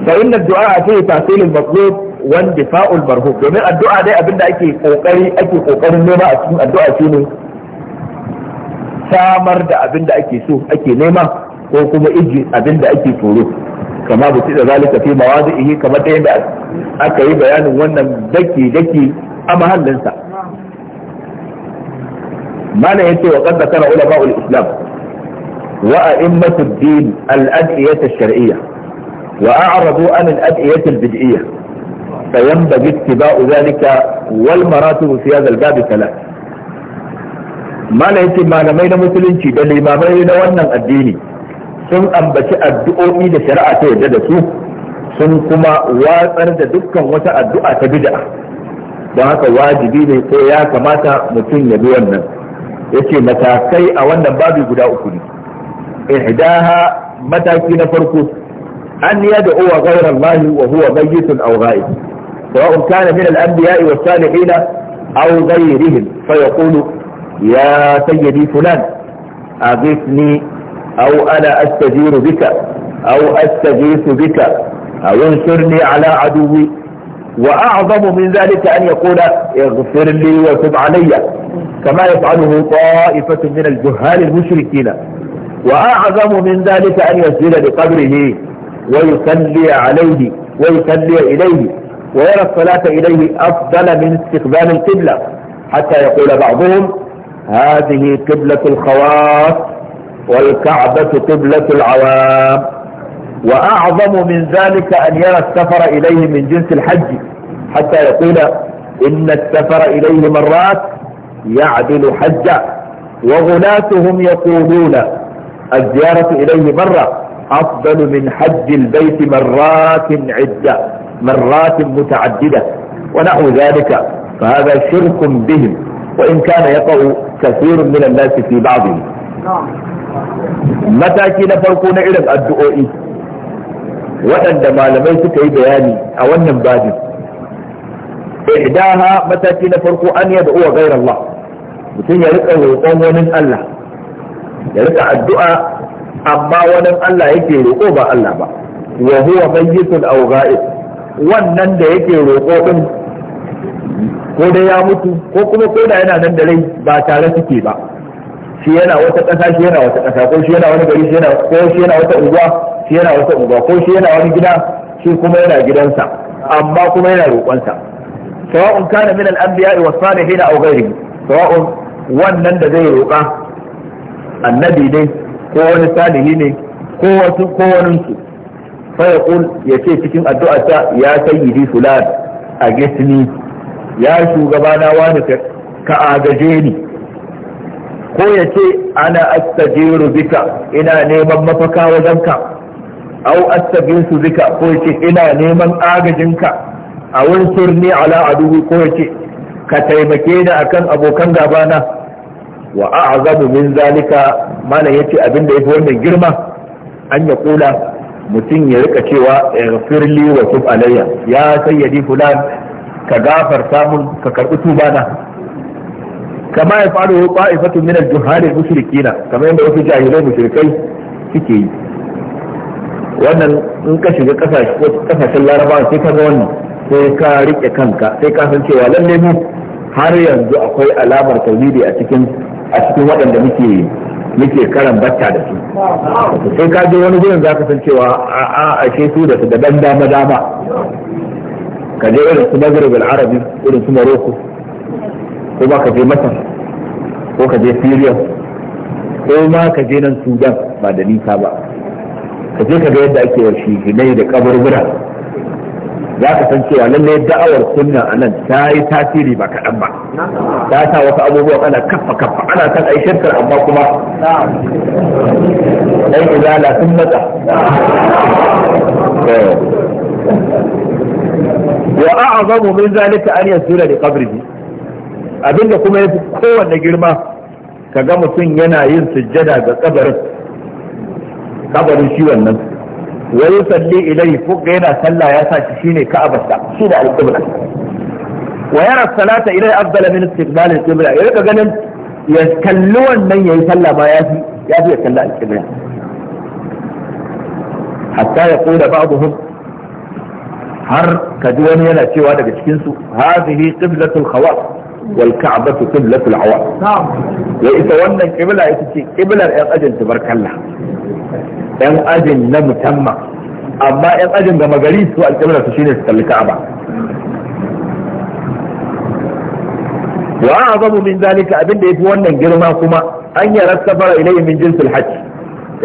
fa inna du'a fi tahsil al-maqlub wa indifa'u al-marhub domin addu'a dai abinda ake kokari ake kokarin nema a cikin addu'a shine samar da abin da ake so ake nema ko kuma iji abin da ake tsoro kama ba su da zalika fi mawadihi kamar da yadda aka yi bayanin wannan daki daki a mahallinsa mana yace wa qad kana ulama ul islam wa a'immatu ad-din al-ad'iyah ash-shar'iyyah wa a'radu an al-ad'iyah al-bid'iyyah zalika wal ذلك fi hadha al-bab thalath mala ce malamai na musulunci da limamai na wannan addini sun ambaci addu'o'i da shari'a ta yarda da su sun kuma watsar da dukkan wata addu'a ta bid'a don haka wajibi ne ko ya kamata mutum ya bi wannan yace matakai a wannan babu guda uku ne ihdaha mataki na farko an yad'uwa ghayra Allah wa huwa mayyitun aw ghaib sawa'un kana min al-anbiya'i was-salihin aw ghayrihim fa yaqulu يا سيدي فلان أغثني أو أنا أستجير بك أو أستغيث بك أو انصرني على عدوي وأعظم من ذلك أن يقول اغفر لي وتب علي كما يفعله طائفة من الجهال المشركين وأعظم من ذلك أن يسجد لقبره ويصلي عليه ويصلي إليه ويرى الصلاة إليه أفضل من استقبال القبلة حتى يقول بعضهم هذه قبلة الخواص والكعبة قبلة العوام وأعظم من ذلك أن يرى السفر إليه من جنس الحج حتى يقول إن السفر إليه مرات يعدل حجا وغلاتهم يقولون الزيارة إليه مرة أفضل من حج البيت مرات عدة مرات متعددة ونحو ذلك فهذا شرك بهم وإن كان يقع كثير من الناس في بعضه mataki na farko na irin addu'o'i waɗanda malamai suka yi bayani a wannan babin idaha mataki na farko an yada mutum ya rika roƙon wani Allah ya rika addu'a amma wani Allah yake roƙo ba Allah ba wa huwa mayyitun aw ghaib wannan da yake roƙo din ko dai ya mutu ko kuma ko da yana nan da rai ba tare suke ba shi yana wata ƙasa shi yana wata ƙasa ko shi yana wani gari shi yana ko shi yana wata unguwa shi yana wata unguwa ko shi yana wani gida shi kuma yana gidansa amma kuma yana roƙonsa sawa'un kana min al-anbiya'i was-salihin aw ghairihi sawa'un wannan da zai roƙa annabi ne ko wani salihi ne ko wasu ko wani su fa yaqul yace cikin addu'arsa ya sayyidi fulan a gisni ya shugaba na wani ka agaje ni ko ya ce ana astajiru bika ina neman mafaka wajen ka. au astaginsu bika ko ya ce ina neman agajin ka. a wurin surni ala ko ya ce ka taimake ni akan abokan gaba na? wa a'zamu min zalika malam yace abin da yafi wannan girma an ya kula mutum ya rika cewa ighfirli wa tub alayya ya sayyidi fulan ka gafarta mun ka karɓi tuba na kama ya faru qa'ifatu min al-juhal na kama yadda wasu jahilai mushrikai suke yi wannan in ka shiga kasashen larabawa sai ka ga wannan sai ka rike kanka sai ka san cewa lalle mu har yanzu akwai alamar tauhidi a cikin a cikin waɗanda muke muke karan batta da su sai ka je wani gurin za ka san cewa a a ashe su da su da dan dama dama ka je irin su maghrib al-arabi irin su morocco ko ba ka je masar ko ka je syria ko ma ka je nan sudan ba da nisa ba ka je ka ga yadda ake wa shiginai da kaburbura za ka san cewa lallai da'awar sunna a nan ta yi tasiri ba kaɗan ba ta sa wasu abubuwa ana kafa-kafa, ana san ai shirkar amma kuma ɗan izala sun matsa eh. wa a'zamu min zalika an yasira li qabrihi abinda kuma yafi kowanne girma kaga mutum yana yin sujjada ga kabarin kabarin shi wannan wa salli ilayhi ko yana sallah ya sa shi shine ka'abarsa shine al-qibla wa yara salata ilayhi afdal min istiqbal al-qibla ya rika ganin ya kalli wannan yayi sallah ba yafi yafi ya kalli al-qibla hatta yaqula ba'dhum har ka ji wani yana cewa daga cikin su hadhihi qiblatul khawas wal ka'batu qiblatul awas ya isa wannan qibla ita ce qiblar yan ajin tabarkalla yan ajin na musamman amma yan ajin gama gari su al-qibla su shine su kalli ka'aba wa a'zamu min zalika abinda yafi wannan girma kuma an yarattaba ilayhi min jinsil hajj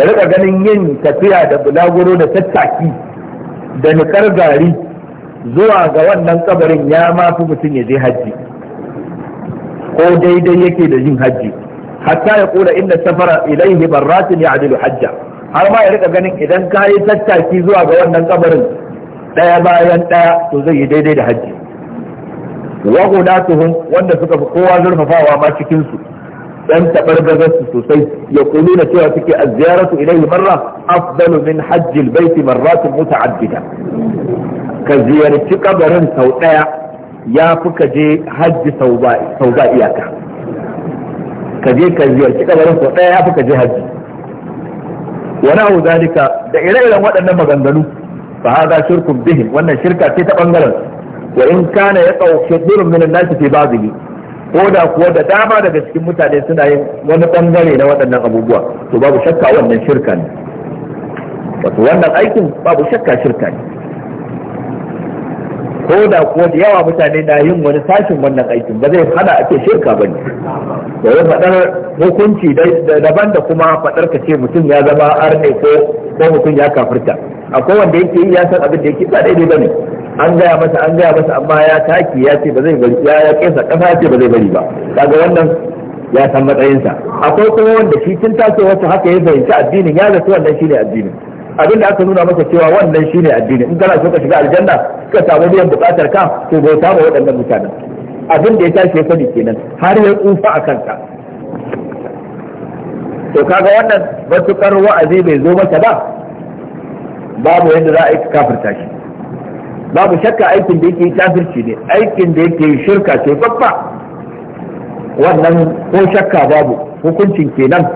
da rika ganin yin tafiya da bulaguro da tattaki da nukar gari zuwa ga wannan kabarin ya ma fi mutum ya je hajji ko daidai yake da yin hajji hatta ya kula inda safara ilaihi barratin ya adilu hajja har ma ya rika ganin idan ka yi tattaki zuwa ga wannan kabarin daya bayan daya to zai yi daidai da hajji wa hudatuhum wanda suka fi kowa zurfafawa ma cikin su dan tabar su sosai ya kulu cewa suke a ziyaratu ilaihi marra afdalu min hajjil baiti marratin muta'addida ka ziyarci kabarin sau ɗaya ya fi ka je hajji sau ba iyaka ka je ka ziyarci kabarin sau ɗaya ya fi ka je hajji wani abu zalika da ire-iren waɗannan maganganu ba a za shirkun bihin wannan shirka ce ta ɓangaren, wa in kana ya ɗauke durin minan nasu fi ne ko da kuwa da dama daga cikin mutane suna yin wani ɓangare na waɗannan abubuwa to babu shakka wannan shirka ne wato wannan aikin babu shakka shirka ne ko da kuwa da yawa mutane na yin wani sashin wannan aikin ba zai hana ake shirka ba ne da ya faɗar hukunci daban da kuma faɗar ka ce mutum ya zama arne ko ko mutum ya kafirta akwai wanda yake yi ya san abin da yake ba daidai ba ne an gaya masa an gaya masa amma ya taki ya ce ba zai bari ya kesa kasa ya ce ba zai bari ba kaga wannan ya san matsayinsa akwai kuma wanda shi tun wasu haka ya fahimci addinin ya zato wannan shine addinin abin da aka nuna masa cewa wannan shine addini in kana so ka shiga aljanna ka samu biyan bukatar ka to bai samu waɗannan mutanen abin da ya tashi ya sani kenan har ya tsufa a kanka to kaga wannan matukar wa'azi bai zo masa ba babu yadda za a yi kafirta shi babu shakka aikin da yake kafirci ne aikin da yake shirka ce babba wannan ko shakka babu hukuncin kenan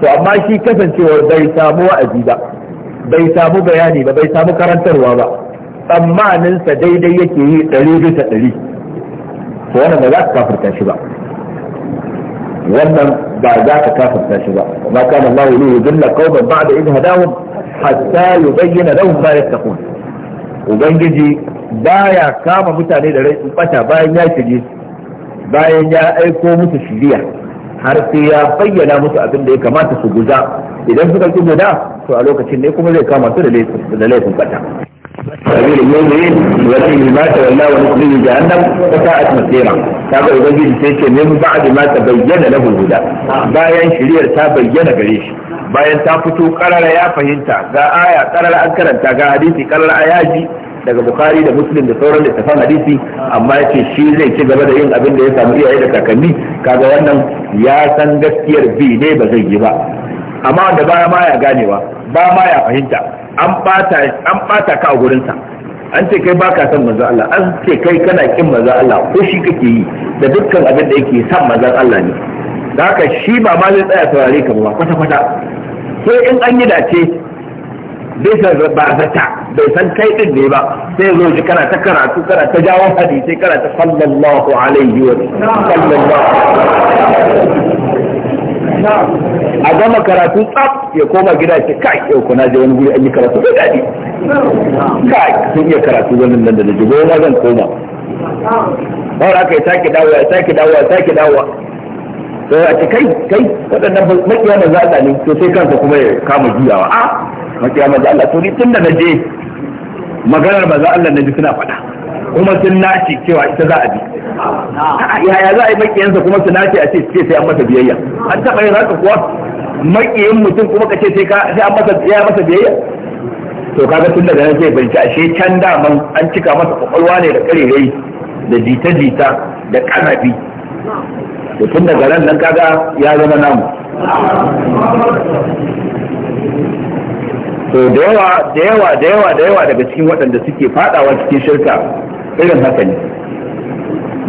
to amma shi kasancewar bai samu wa'azi ba bai samu bayani ba bai samu karantarwa ba tsammaninsa daidai yake yi ɗari bisa ɗari to wannan ba za ka kafirta shi ba wannan ba za ka kafirta shi ba ma kana Allah ya yi dilla qauman ba'da idh hadahum hatta yubayyana lahum ma yattaqun ubangiji baya kama mutane da rai bata bayan ya shige bayan ya aiko musu shiriya har sai ya bayyana musu abin da ya kamata su guza idan suka ci guda to a lokacin ne kuma zai kama su da laifin bata sabil mu'min wani limata walla wa nusbi jahannam fa sa'at masira kaga ubangiji sai ce ba ba'd ma bayyana lahu guda bayan shiriyar ta bayyana gare shi bayan ta fito karara ya fahimta ga aya karara an karanta ga hadisi karara ayaji daga bukari da muslim da sauran tafan hadisi amma yake shi zai ci gaba da yin abin da ya samu iyaye da kakanni kaga wannan ya san gaskiyar bi ne ba zai yi ba amma wanda ba ma ya ganewa ba ma ya fahimta an bata an bata ka a gurinsa an ce kai baka san manzo Allah an ce kai kana kin manzo Allah ko shi kake yi da dukkan abin da yake son manzo Allah ne da haka shi ba ma zai tsaya saurare ka ba kwata kwata sai in an yi dace bisa ba zata bai san kai din ne ba sai zo ji kana ta karatu kana ta jawo hadisi kana ta sallallahu alaihi wa sallallahu a gama karatu tsaf ya koma gida ce kai yau kuna je wani guri an yi karatu bai daɗi kai sun iya karatu wannan nan da na ji goma zan koma. Ba haka ya sake dawowa ya sake dawowa ya sake dawowa sai eh, ya ce kai kai waɗannan makiya manzo Allah ne to sai kansa kuma ya kama juyawa a ah, makiya manzo Allah to ni tunda na je maganar manzo Allah na ji suna faɗa kuma sun nace cewa ita za a bi yaya za a yi makiyansa kuma su nace a ce sai an masa biyayya an taɓa yin haka kuwa makiyin mutum kuma ka ce sai an masa biyayya to kaga tun daga nan zai ci ashe can daman an cika masa kwakwalwa ne da karerai da jita-jita da kanabi da tun daga ran nan kaga ya zama namu to da yawa da yawa da yawa da yawa daga cikin waɗanda suke fadawa cikin shirka irin haka ne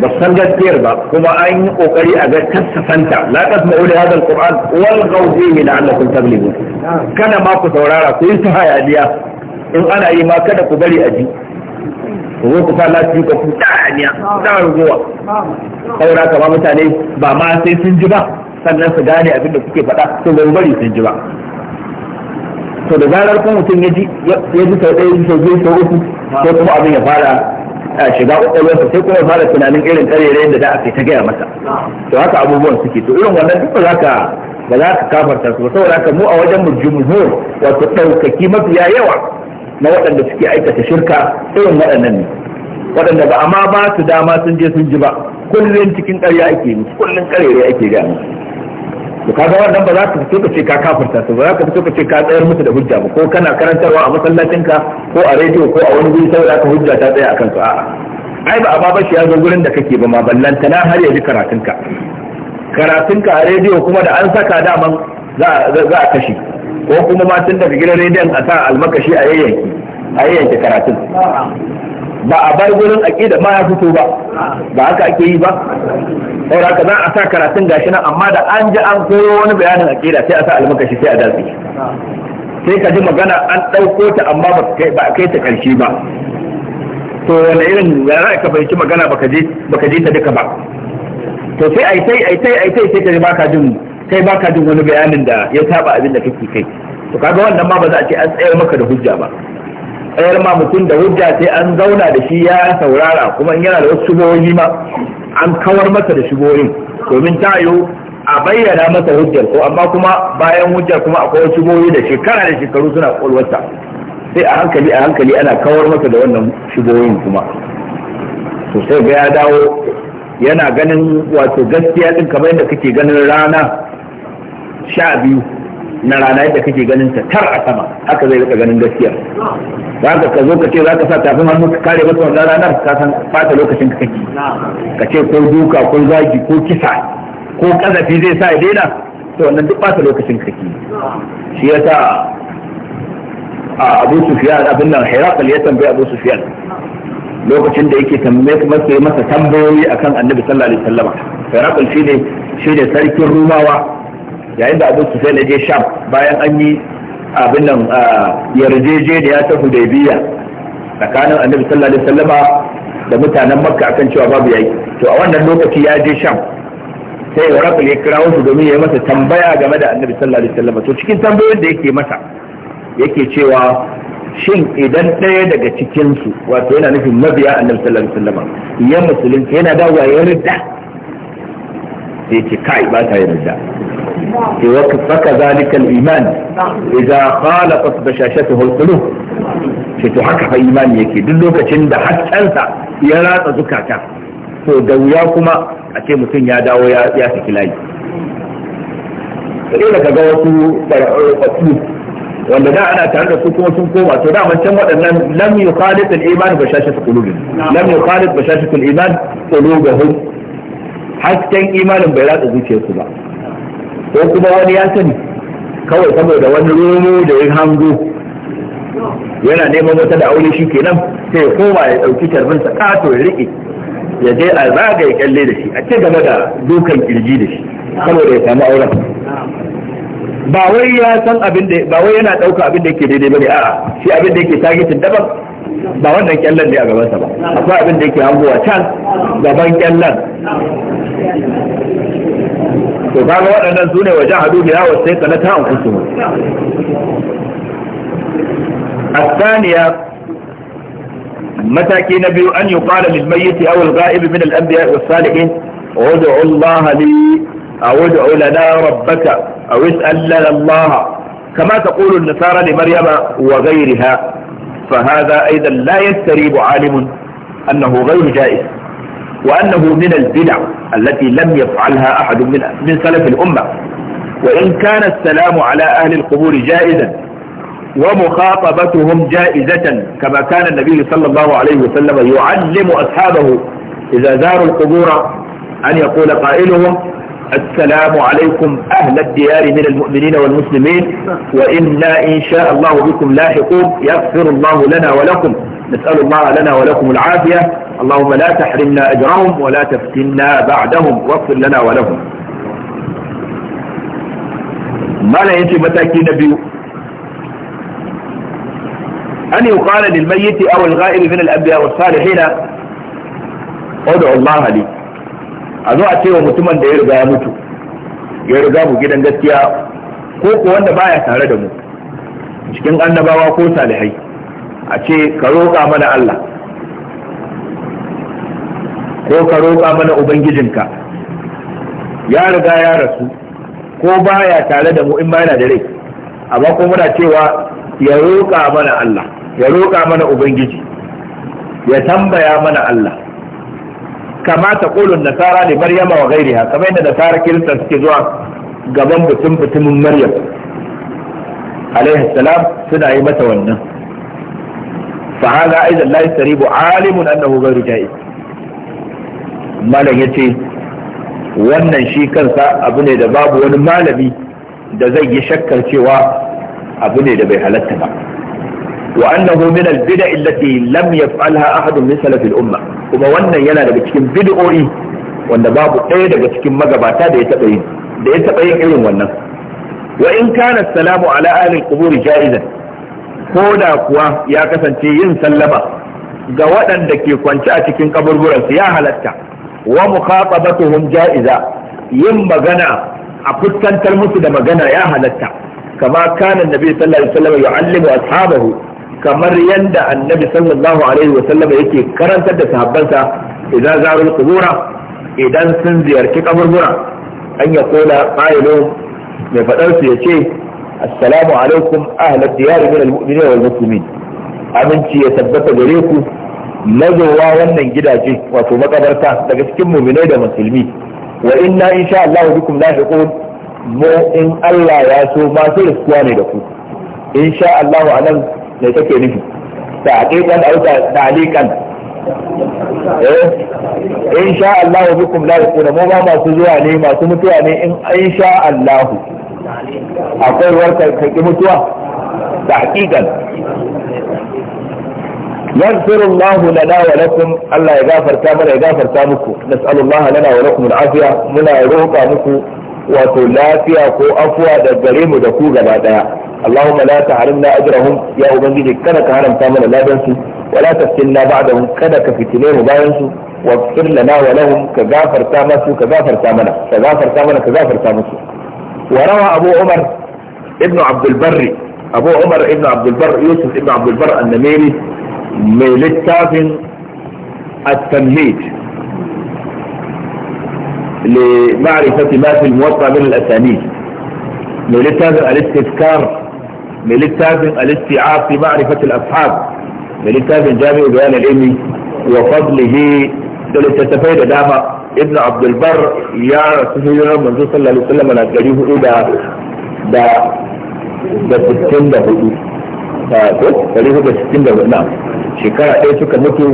ba san gaskiyar ba kuma an yi kokari a ga kasafanta la tasma'u li hadha alquran wal min la'allakum tablighu kana ma ku saurara ku yi ta in ana yi ma kada ku bari a ji ko ku sa lati ku ku ta aniya ta ruwa saboda ka ba mutane ba ma sai sun ji ba sannan su gane abin da kuke faɗa sun ban bari sun ji ba to da zarar kun mutum ya ji ya ji sau ɗaya sau biyu sau uku sai kuma abin ya fara shiga ƙwaƙwalwarsa sai kuma fara tunanin irin ƙarerayen da da ake ta gaya masa to haka abubuwan suke to irin wannan duk ba za ka ba za ka kafarta su ba saboda haka mu a wajen mu jumhur wato ɗaukaki mafiya yawa na waɗanda suke aikata shirka irin waɗannan ne waɗanda ba amma ba su dama sun je sun ji ba kullum cikin ƙarya ake musu kullum ƙarere ake ga musu to kaga wannan ba za ka fito ka ce ka kafirta su ba za ka fito ka ce ka tsayar musu da hujja ba ko kana karantarwa a masallacinka ko a rediyo ko a wani guri saboda ka hujja ta tsaya akan su a'a ai ba a ba shi ya zo gurin da kake ba ma ballanta na har ya ji karatunka karatunka a rediyo kuma da an saka daman za a kashe ko kuma ma tun daga gidan rediyon a sa almakashi a yayyanki a yayyanki karatun ba a bar gurin aƙida ma ya fito ba ba haka ake yi ba sai haka za a sa karatun gashi nan amma da an ji an koyo wani bayanin aqida sai a sa almakashi sai a dace sai ka ji magana an ɗauko ta amma ba a kai ta ƙarshe ba to wani irin ya za ka fahimci magana ba ka je ta duka ba to sai ai sai a sai sai ka ji ka jin kai baka jin wani bayanin da ya saba abin da kake kai to kaga wannan ma ba za a ce an tsayar maka da hujja ba tsayar ma mutum da hujja sai an zauna da shi ya saurara kuma in yana da wasu shubohi ma an kawar masa da shubohin domin ta yiwu a bayyana masa hujjar ko amma kuma bayan hujjar kuma akwai wasu shubohi da shekara da shekaru suna kwalwata sai a hankali a hankali ana kawar masa da wannan shubohin kuma sosai ga ya dawo yana ganin wato gaskiya din kamar yadda kake ganin rana sha biyu na rana yadda kake ganin ta tar a sama haka zai rika ganin gaskiya za ka ka zo ka ce za ka sa tafin hannu ka kare masa wannan ranar ka san fata lokacin ka kake ka ce ko duka ko zagi ko kisa ko kazafi zai sa ya daina to wannan duk fata lokacin ka kake shi yasa abu sufiyan abin nan hirakal ya tambaye abu sufiyan lokacin da yake tambaye masa tambayoyi akan annabi sallallahu alaihi wasallam ne shi ne sarkin rumawa yayin da abu su sai je sham bayan an yi abin nan yarjejeniya ta biya tsakanin annabi sallallahu alaihi wasallama da mutanen makka akan cewa babu yayi to a wannan lokaci ya je sham sai ya rafa ya kirawo su domin ya masa tambaya game da annabi sallallahu alaihi wasallama to cikin tambayoyin da yake masa yake cewa shin idan ɗaya daga cikin su wato yana nufin mabiya annabi sallallahu alaihi wasallama ya musulunci yana dawowa ya rida sai ce kai ba ta yarda فكذلك الإيمان إذا خالطت بشاشته القلوب to haka fa imani yake duk lokacin da haccansa ya ratsa zukata to da wuya kuma a ce mutum ya dawo ya saki layi sai kaga wasu wanda da ana tare da su kuma sun koma to da wancan waɗannan lam yukhalid al-iman bashashat qulubihim lam yukhalid bashashat al-iman qulubuhum hasken imanin bai ratsa zuciyarsu ba ko kuma wani ya sani kawai saboda wani romo da ya hango yana neman wata da aure shi kenan sai ya koma ya ɗauki tarbinsa ƙato ya riƙe ya je a ya kyalle da shi a ce gaba da dukan kirji da shi saboda ya samu auren ba wai ya san abin da ba wai yana ɗauka abin da yake daidai bane a'a shi abin da yake targetin daban ba wannan kyallan ne a gabansa ba akwai abin da yake hangowa can gaban kyallan to kaga waɗannan sune waje hadu biya wa sai kana ta anfusu الثانية متى كي نبي أن يقال للميت أو الغائب من الأنبياء والصالحين ادعوا الله لي أو ادعوا لنا ربك أو اسأل لنا الله كما تقول النصارى لمريم وغيرها فهذا أيضا لا يستريب عالم أنه غير جائز وأنه من البدع التي لم يفعلها أحد من, من سلف الأمة وإن كان السلام على أهل القبور جائزا ومخاطبتهم جائزة كما كان النبي صلى الله عليه وسلم يعلم أصحابه إذا زاروا القبور أن يقول قائلهم السلام عليكم أهل الديار من المؤمنين والمسلمين وإنا إن شاء الله بكم لاحقون يغفر الله لنا ولكم نسأل الله لنا ولكم العافية اللهم لا تحرمنا أجرهم ولا تفتنا بعدهم واغفر لنا ولهم ما لا ينشي متاكي نبي أن يقال للميت أو الغائب من الأنبياء والصالحين ادعوا الله لي a zo a ce wa mutumin da ya riga ya mutu ya riga mu gidan gaskiya ko ko wanda baya tare da mu cikin annabawa ko salihai a ce ka roƙa mana Allah ko ka roƙa mana ubangijinka ya riga ya rasu ko baya tare da mu in ba yana da rai amma ko muna cewa ya roƙa mana Allah ya roƙa mana ubangiji ya tambaya mana Allah Kamata ta nasara ne maryama wa gairiha kamar yadda nasara kirista suke zuwa gaban butun butumin maryam alaihi salam suna yi mata wannan fa hadha aidan la alimun annahu ghairu jaiz malam ce wannan shi kansa abu ne da babu wani malami da zai yi shakkar cewa abu ne da bai halatta ba wa annahu min al-bid'a allati lam yaf'alha ahadun min salaf al-umma kuma wannan yana daga cikin bid'o'i wanda babu ɗaya daga cikin magabata da ya taɓa yin da ya taɓa yin irin wannan wa in kana salamu ala ahli al-qubur jaizan ko da kuwa ya kasance yin sallama ga waɗanda ke kwance a cikin kaburburansu ya halatta wa tuhum ja'iza yin magana a fuskantar musu da magana ya halatta kama kana annabi sallallahu alaihi wasallam yu'allimu ashabahu kamar yanda annabi sallallahu alaihi wasallam yake karantar da sahabbansa idan zarul qubura idan sun ziyarci kaburbura an ya kola mai fadar su yace assalamu alaikum ahlad diyar min almu'minin wal muslimin aminci ya tabbata gare ku mazowa wannan gidaje wato makabarta daga cikin mu'minai da musulmi wa inna insha Allah bikum lahiqun mu in Allah ya so ma sai ne da ku insha Allah anan ne take nufi ta'aqiqan aw ta'liqan eh insha Allah bikum lahiqun mu ba masu zuwa ne masu mutuwa ne in insha Allahu? akwai warka ka mutuwa da hakikan يغفر الله لنا ولكم الله يغفر تامنا يغفر تامكم نسأل الله لنا ولكم العافية منا يروقا muku wato lafiya ko afuwa da gare mu da ku gaba daya Allahumma la ta'alimna ajrahum ya ubangiji kada ka haramta mana ladan su wa la taftinna ba'dahum kada ka fitine mu bayan su wa lana wa lahum ka gafarta masu mana ka mana ka musu وروى أبو عمر ابن عبد البر أبو عمر ابن عبد البر يوسف ابن عبد البر النميري من للتاف التمهيد لمعرفة ما في الموطأ من الأسانيد من للتاف الاستذكار من للتاف الاستيعاب في معرفة الأصحاب من للتاف جامع بيان العلم وفضله للتتفيد داما ibn abdulbar ya rasu hijirar manzo sallallahu alaihi wasallam na gari hudu da da da sittin da hudu ko gari hudu da sittin da hudu na shekara ɗaya suka mutu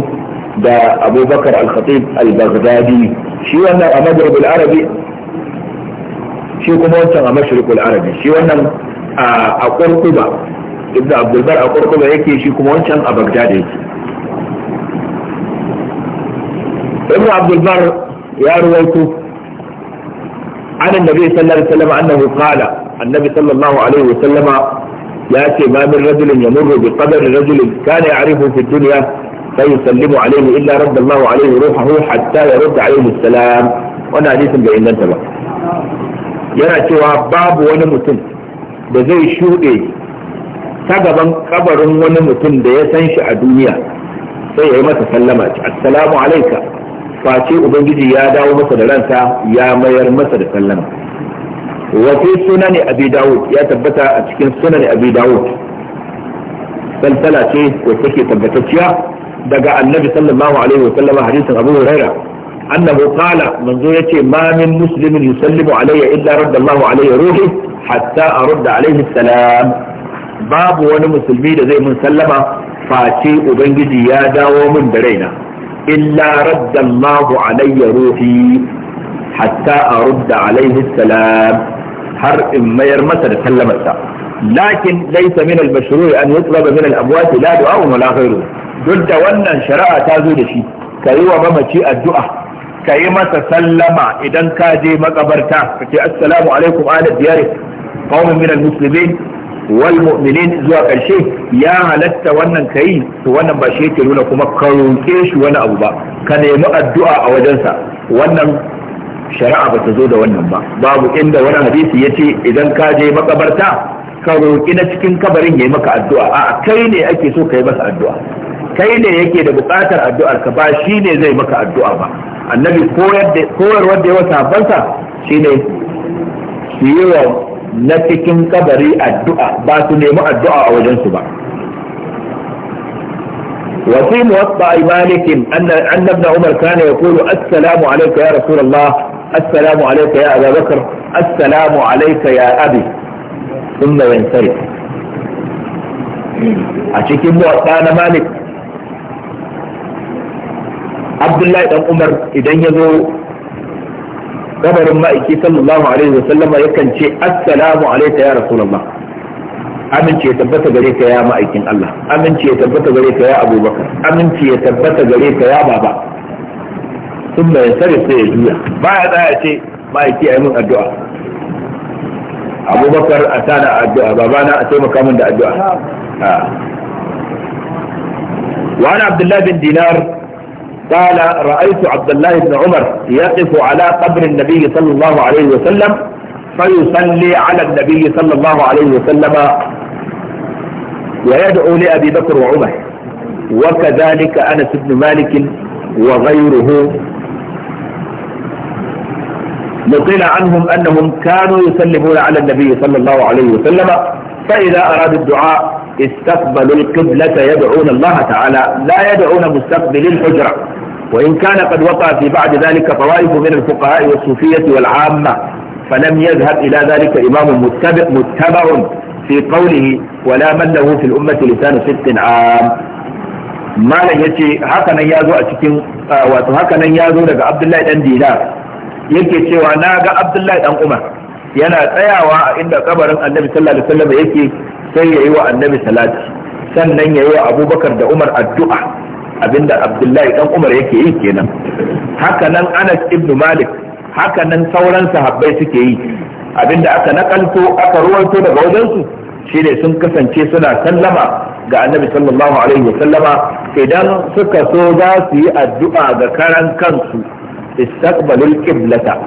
da abubakar al-khatib al-baghdadi shi wannan a maghrib arabi shi kuma wancan a mashriq arabi shi wannan a qurtuba ibn abdulbar a qurtuba yake shi kuma wancan a baghdad yake ibn abdulbar يا ruwaito عن النبي صلى الله عليه وسلم أنه قال النبي صلى الله عليه وسلم يأتي ما من رجل يمر بقدر رجل كان يعرفه في الدنيا فيسلم عليه إلا رد الله عليه روحه حتى يرد عليه السلام وانا حديث بإن انتبه yana cewa باب ونمتن بزي da سببا shuɗe ta gaban kabarin الدنيا mutum da ya السلام عليك face ubangiji ya dawo masa da ransa ya mayar masa da sallama wa fi sunani abi dawud ya tabbata a cikin sunani abi dawud salsala ce wacce take tabbatacciya daga annabi sallallahu alaihi wa sallama hadisin abu huraira annahu qala manzo yace ma min muslimin yusallimu alayya illa radda Allahu alayya ruhi hatta arudda alayhi salam babu wani musulmi da zai mun sallama face ubangiji ya dawo min da raina illa radda Allahu alayya ruhi hatta arudda alayhi salam har in mayar masa da sallamarsa lakin laysa min al-mashru' an yutlaba min al-amwat la du'a wa la ghayru duk da wannan shari'a ta zo da shi ka yi wa mamaci addu'a kayi masa sallama idan ka je makabarta kace assalamu alaikum ala diyari qaumun musulmi. wal mu'minin zuwa karshe ya halatta wannan kai to wannan ba shi yake nuna kuma ka shi wani abu ba ka nemi addu'a a wajensa wannan shari'a ba ta zo da wannan ba babu inda wani hadisi ya ce idan ka je makabarta ka na cikin kabarin ya yi maka addu'a a kai ne ake so ka yi masa addu'a kai ne yake da buƙatar addu'ar ka ba shi ne zai maka addu'a ba annabi koyar wanda ya wasa bansa shi ne su wa na cikin kabari addu'a ba su nemi addu'a a wajensu ba وفي موطأ مالك أن, أن ابن عمر كان يقول السلام عليك يا رسول الله السلام عليك يا أبا بكر السلام عليك يا أبي ثم ينصرف أشكي موطأ مالك عبد الله بن عمر إذن يزو kabarin ma'aiki sallallahu alaihi wa sallama yakan ce assalamu alaika ya rasulullah amince ya tabbata gare ka ya ma'aikin Allah amince ya tabbata gare ka ya abubakar amince ya tabbata gare ka ya baba sun bai sare sai ya juya baya tsaya ce ma'aiki a yi min addu'a abubakar a tana addu'a babana a taimaka min da addu'a ah. Wa عبد الله bin Dinar? قال رأيت عبد الله بن عمر يقف على قبر النبي صلى الله عليه وسلم فيصلي على النبي صلى الله عليه وسلم ويدعو لأبي بكر وعمر وكذلك أنس بن مالك وغيره نقل عنهم أنهم كانوا يسلمون على النبي صلى الله عليه وسلم فإذا أرادوا الدعاء استقبلوا القبلة يدعون الله تعالى لا يدعون مستقبل الحجرة وإن كان قد وقع في بعد ذلك طوائف من الفقهاء والصوفية والعامة فلم يذهب إلى ذلك إمام متبع, متبع في قوله ولا من له في الأمة لسان صدق عام ما لن يتي هكذا يازو أتكين وهكذا يازو لك عبد الله بن دينار yake cewa na ga Abdullahi dan Umar yana tsayawa inda kabarin Annabi sallallahu alaihi wasallam yake sai yayi wa Annabi salati sannan yayi wa Abubakar da Umar addu'a da abdullahi dan umar yake yi kenan haka nan anas ibn malik haka nan sauran sahabbai suke yi abinda aka nakalto aka ruwanto daga wajensu shine sun kasance suna sallama ga annabi sallallahu alaihi wasallama idan suka so za su yi addu'a ga karan kansu istaqbalul qiblata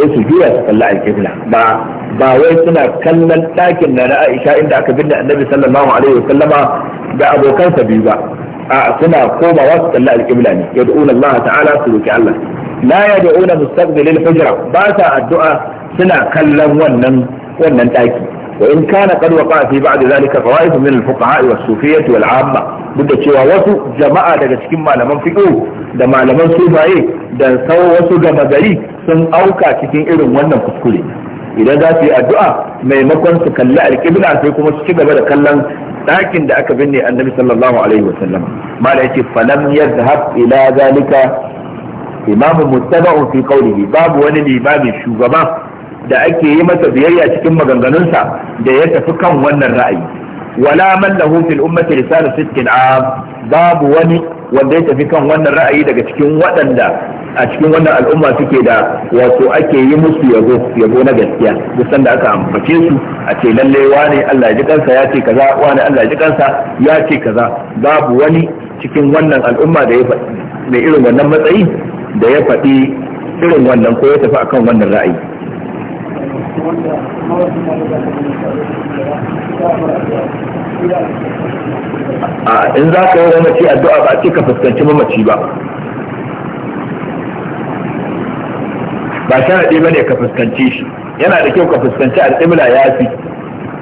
sai su juya su kalli alƙibla ba ba wai suna kallon ɗakin na na Aisha inda aka binne annabi sallallahu alaihi wasallama da abokansa biyu ba A'a suna komawa su kalli alƙibla ne yad'una Allah ta'ala su roki Allah la yad'una mustaqbilil hujra ba sa addu'a suna kallon wannan daki wa in kana qad waqa fi ba'd zalika fawaid min al-fuqaha wa as-sufiyyah wal 'amma duk da cewa wasu jama'a daga cikin malaman fiqh da malaman sufaye da sau wasu gama gari sun auka cikin irin wannan kuskure idan za su yi addu'a maimakon su kalli alƙibla sai kuma su ci gaba da kallon ɗakin da aka binne annabi sallallahu alaihi wa sallam mala yace falam yadhhab ila zalika imamu muttaba'un fi qawlihi babu wani limami shugaba da ake yi masa biyayya cikin maganganunsa da ya tafi kan wannan ra'ayi wala man lahu fil ummati risalu sittin am babu wani wanda ya tafi kan wannan ra'ayi daga cikin waɗanda a cikin wannan al'umma suke da wato ake yi musu yabo yabo na gaskiya duk sanda aka ambace su a ce lalle wane Allah ji kansa ya ce kaza wane Allah ji kansa ya ce kaza babu wani cikin wannan al'umma da ya faɗi mai irin wannan matsayi da ya faɗi irin wannan ko ya tafi akan wannan ra'ayi a in za ka yi mamaci addu'a ba a ce ka fuskanci mamaci ba ba haɗe ba ne ka fuskanci shi yana da kyau ka fuskanci al'imla ya fi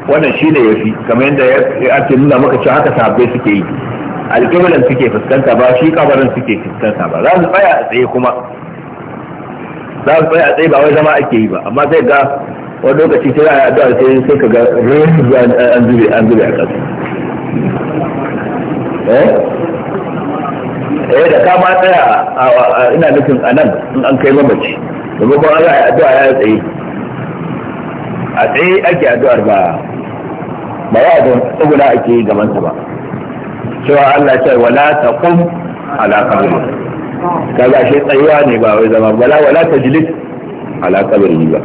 wannan shi ne ya fi kamar yadda ya ake nuna maka cewa haka sahabbai suke yi alƙiblan suke fuskanta ba shi kabarin suke fuskanta ba za su tsaya a tsaye kuma za su tsaya a tsaye ba wai zama ake yi ba amma zai ga wani lokaci sai a addu'a sai sai ka ga an zube an zube a ƙasa eh da kama tsaya ina nufin a nan in an kai mamaci domin ba za a yi addu'a ya tsaye a tsaye ake addu'ar ba ba ya ga tsuguna ake yi gabansa ba cewa Allah ce wala taqum ala qabri kaga shi tsayuwa ne ba wai zama wala wala tajlis ala qabri ba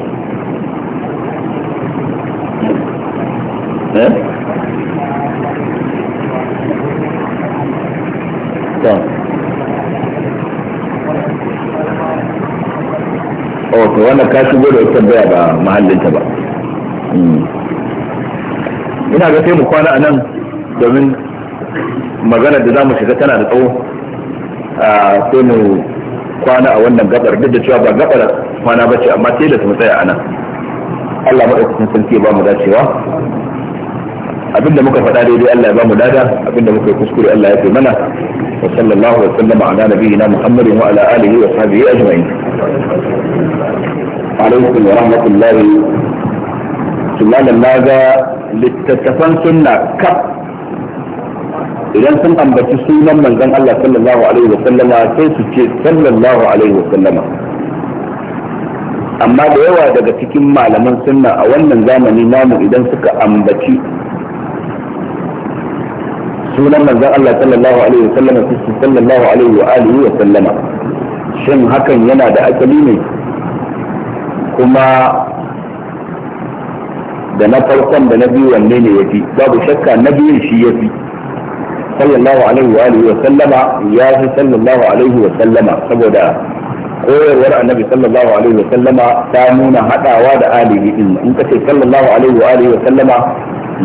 wannan ka shigo da wata baya ba mahallinta ba hmm. ina ga sai mu kwana anan domin maganar da za mu shiga tana da tsawo ah, sai mu kwana a wannan gabar duk da cewa ba gabar kwana ba ce amma tilas mu tsaya anan nan Allah maɗaukakin sarki ba mu dacewa abinda muka faɗa daidai Allah ya ba mu dada abinda muka yi kuskure Allah ya fi mana wa sallallahu wa sallama ala nabiyyina Muhammadin wa ala alihi wa sahbihi ajma'in alaikum wa rahmatullahi kimanin na ga littattafan sunna kaf idan sun ambaci sunan manzon Allah sallallahu alaihi wa sallama sai su ce sallallahu alaihi wa sallama amma da yawa daga cikin malaman sunna a wannan zamani namu idan suka ambaci sunan manzon Allah sallallahu alaihi wa sallama su sallallahu alaihi wa alihi wa sallama shin hakan yana da asali ne kuma da na farkon da na biyu wanne ne ya fi babu shakka na biyun shi ya fi sallallahu alaihi wa alihi wa sallama ya fi sallallahu alaihi wa sallama saboda koyarwar annabi sallallahu alaihi wa sallama ta nuna hadawa da alihi din in ka ce sallallahu alaihi wa alihi wa sallama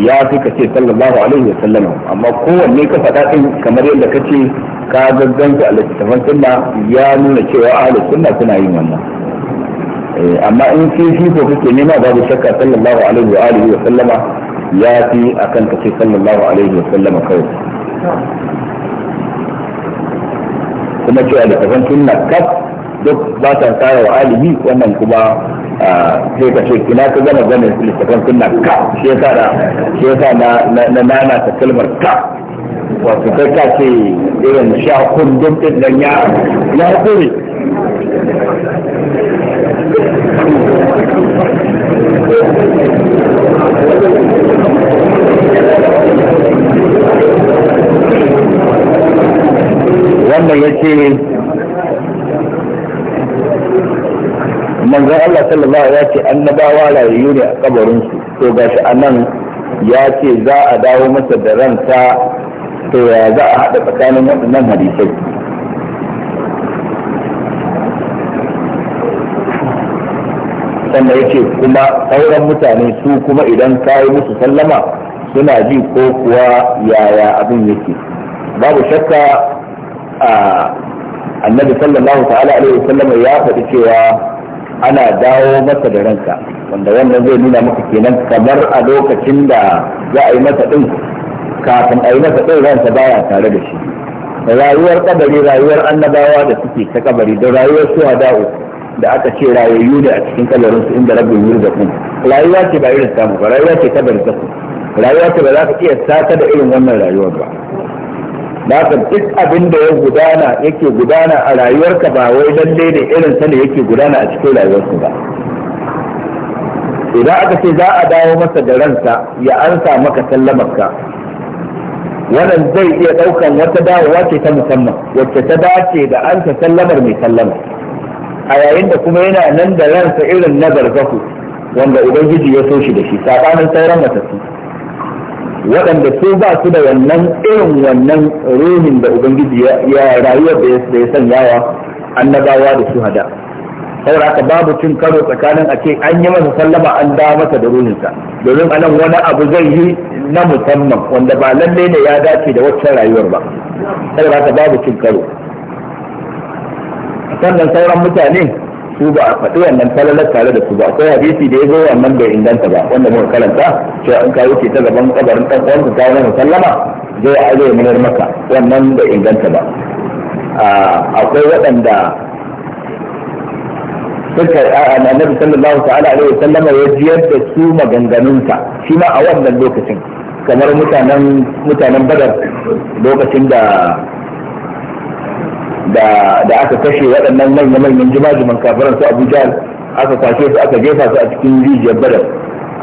ya fi ka ce sallallahu alaihi wa sallama amma kowanne ka faɗa din kamar yadda ka ce. ka gagganta a littattafan sunna ya nuna cewa ahli sunna suna yin wannan eh, amma in kishi ko kake nema babu shakka sallallahu alaihi wa alihi wa sallama ya fi akan kace sallallahu alaihi wa sallama kawai kuma cewa littattafan sunna kaf duk ba ta tsaya wa alihi wannan kuma sai ka ce ina ka gama ganin littattafan sunna ka shi yasa na na na ta kalmar ka wato kai ka ce irin sha kundin din nan ya ya wannan ya ce manzon Allah sallallahu ya ce annabawa rayu ne a kabarinsu to gashi a nan ya ce za a dawo masa da ransa to ya za a haɗa tsakanin waɗannan hadisai sannan yake kuma sauran mutane su kuma idan ka yi musu sallama suna ji ko kuwa yaya abin yake babu shakka a annabi sallallahu ta'ala alaihi wasallam ya faɗi cewa ana dawo masa da ranka wanda wannan zai nuna maka kenan kamar a lokacin da za a yi masa ɗin kafin a yi masa ɗin ransa baya tare da shi rayuwar kabari rayuwar annabawa da suke ta kabari da rayuwar suhada'u da aka ce rayayyu ne a cikin kabarin su inda rabin yuri da kun rayuwa ce ba irin samu ba rayuwa ce kabari ta ku rayuwa ce ba za ka iya saka da irin wannan rayuwar ba da ka duk abin da ya gudana yake gudana a rayuwarka ba wai lalle ne irin sa ne yake gudana a cikin rayuwarsu ba idan aka ce za a dawo masa da ransa ya ansa maka sallamarka wannan zai iya ɗaukan wata dawowa ce ta musamman wacce ta dace da an ta sallamar mai sallama a yayin da kuma yana nan da ransa irin na gargaku wanda ubangiji ya so shi da shi sabanin sauran matattu waɗanda su ba su da wannan irin wannan ruhin da ubangiji ya rayuwar da ya sanyawa annabawa da su hada saboda haka babu cin karo tsakanin a ce an yi masa sallama an dawo masa da ruhinsa domin anan wani abu zai yi na musamman wanda ba lallai ne ya dace da waccan rayuwar ba sai ba ta babu cin karo sannan sauran mutane su ba a faɗi wannan falalar tare da su ba akwai hadisi da ya zo wannan bai inganta ba wanda muka karanta cewa in ka wuce ta gaban kabarin ɗan uwanka ka wani musallama zai a zai munar maka wannan bai inganta ba akwai waɗanda suka annabi sallallahu ta'ala alaihi wasallama ya jiyar da su maganganunsa shi ma a wannan lokacin kamar mutanen badar lokacin da da aka kashe waɗannan manyan manyan jimajiman kafiran su abuja aka kwashe su aka jefa su a cikin rijiyar badar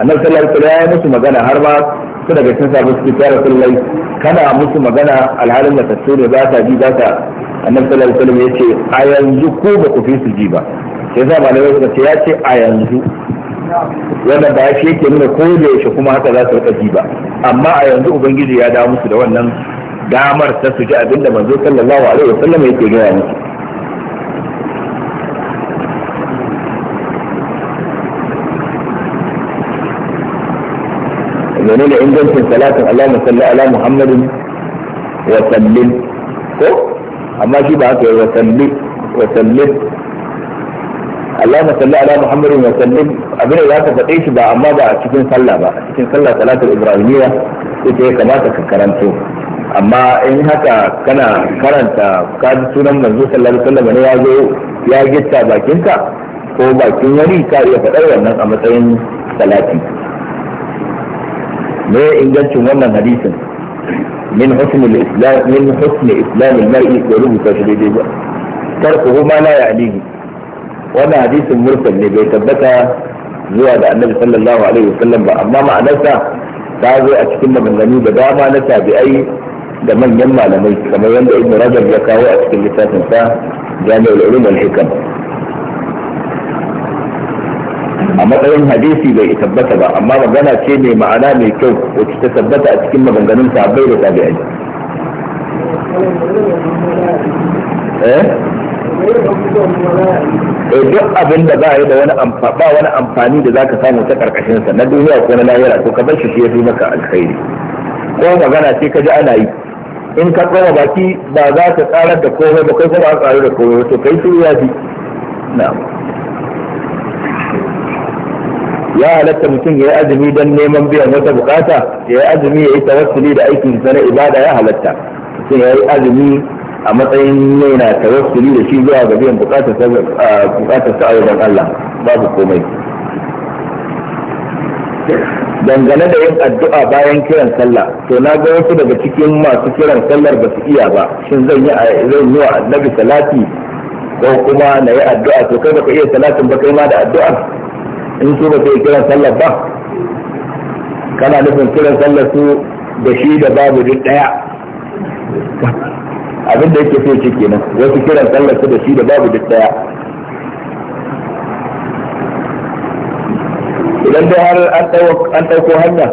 annan sallallahu alaihi wasallam ya musu magana har ma su daga cikin sabu su ya rasulullahi kana musu magana alhalin da tasiri za ta ji za ta annabi sallallahu alaihi wasallam ya ce a yanzu ko ba ku fi su ji ba sai sa malamai suka ce ya ce a yanzu wannan ba shi ke nuna ko da yaushe kuma haka za su rika ji ba amma a yanzu ubangiji ya dawo musu da wannan damar ta su ji abinda manzo sallallahu alaihi wasallam yake gaya ne musu da ingancin salatin Allah mu salli ala Muhammadin wa sallim ko amma shi ba haka ya wa salli wa sallim Allahumma salli ala Muhammadin wa sallim abin da zaka faɗe shi ba amma ba a cikin sallah ba a cikin sallah salatul ibrahimiyya ita ya kamata ka karanto amma in haka kana karanta ka ji sunan manzo sallallahu alaihi wasallam ne ya zo ya gitta bakinka ko bakin wani ka iya faɗar wannan a matsayin salati me ingancin wannan hadisin min husn al-islam min husn islam al-mar'i wa rubu tashdidihi tarkuhu ma la ya'lihi wannan hadisin mursal ne bai tabbata zuwa da annabi sallallahu alaihi wasallam ba amma ma'anarsa ta zo a cikin maganganu da dama na tabi'ai da manyan malamai kamar yadda ibn rajab ya kawo a cikin littafin sa jami'ul ulum wal hikam a matsayin hadisi bai tabbata ba amma magana ce mai ma'ana mai kyau wacce ta tabbata a cikin maganganun sahabbai da tabi'ai eh duk abin da ba ya da wani amfani wani amfani da zaka samu ta karkashin sa na duniya ko na lahira to ka bar shi shi yafi maka alkhairi ko magana ce ka ji ana yi in ka tsoma baki ba za ka tsarar da komai ba kai kuma an tsaru da komai to kai shi ya fi na'am ya halatta mutum ya yi azumi don neman biyan wata bukata ya yi azumi ya yi tawassuli da aikin sana ibada ya halatta mutum ya yi azumi a matsayin yana tawassuli da shi zuwa ga biyan bukatar sa a wajen Allah babu komai dangane da yin addu'a bayan kiran sallah to na ga wasu daga cikin masu kiran sallar ba su iya ba shin zan yi a wa annabi salati ko kuma na yi addu'a to kai baka iya salatin ba kai ma da addu'a in su ba sai kiran sallar ba kana nufin kiran sallar su da shi da babu duk daya abin da yake so ce kenan wasu kiran sallar su da shi da babu duk daya idan dai har an ɗauko hanya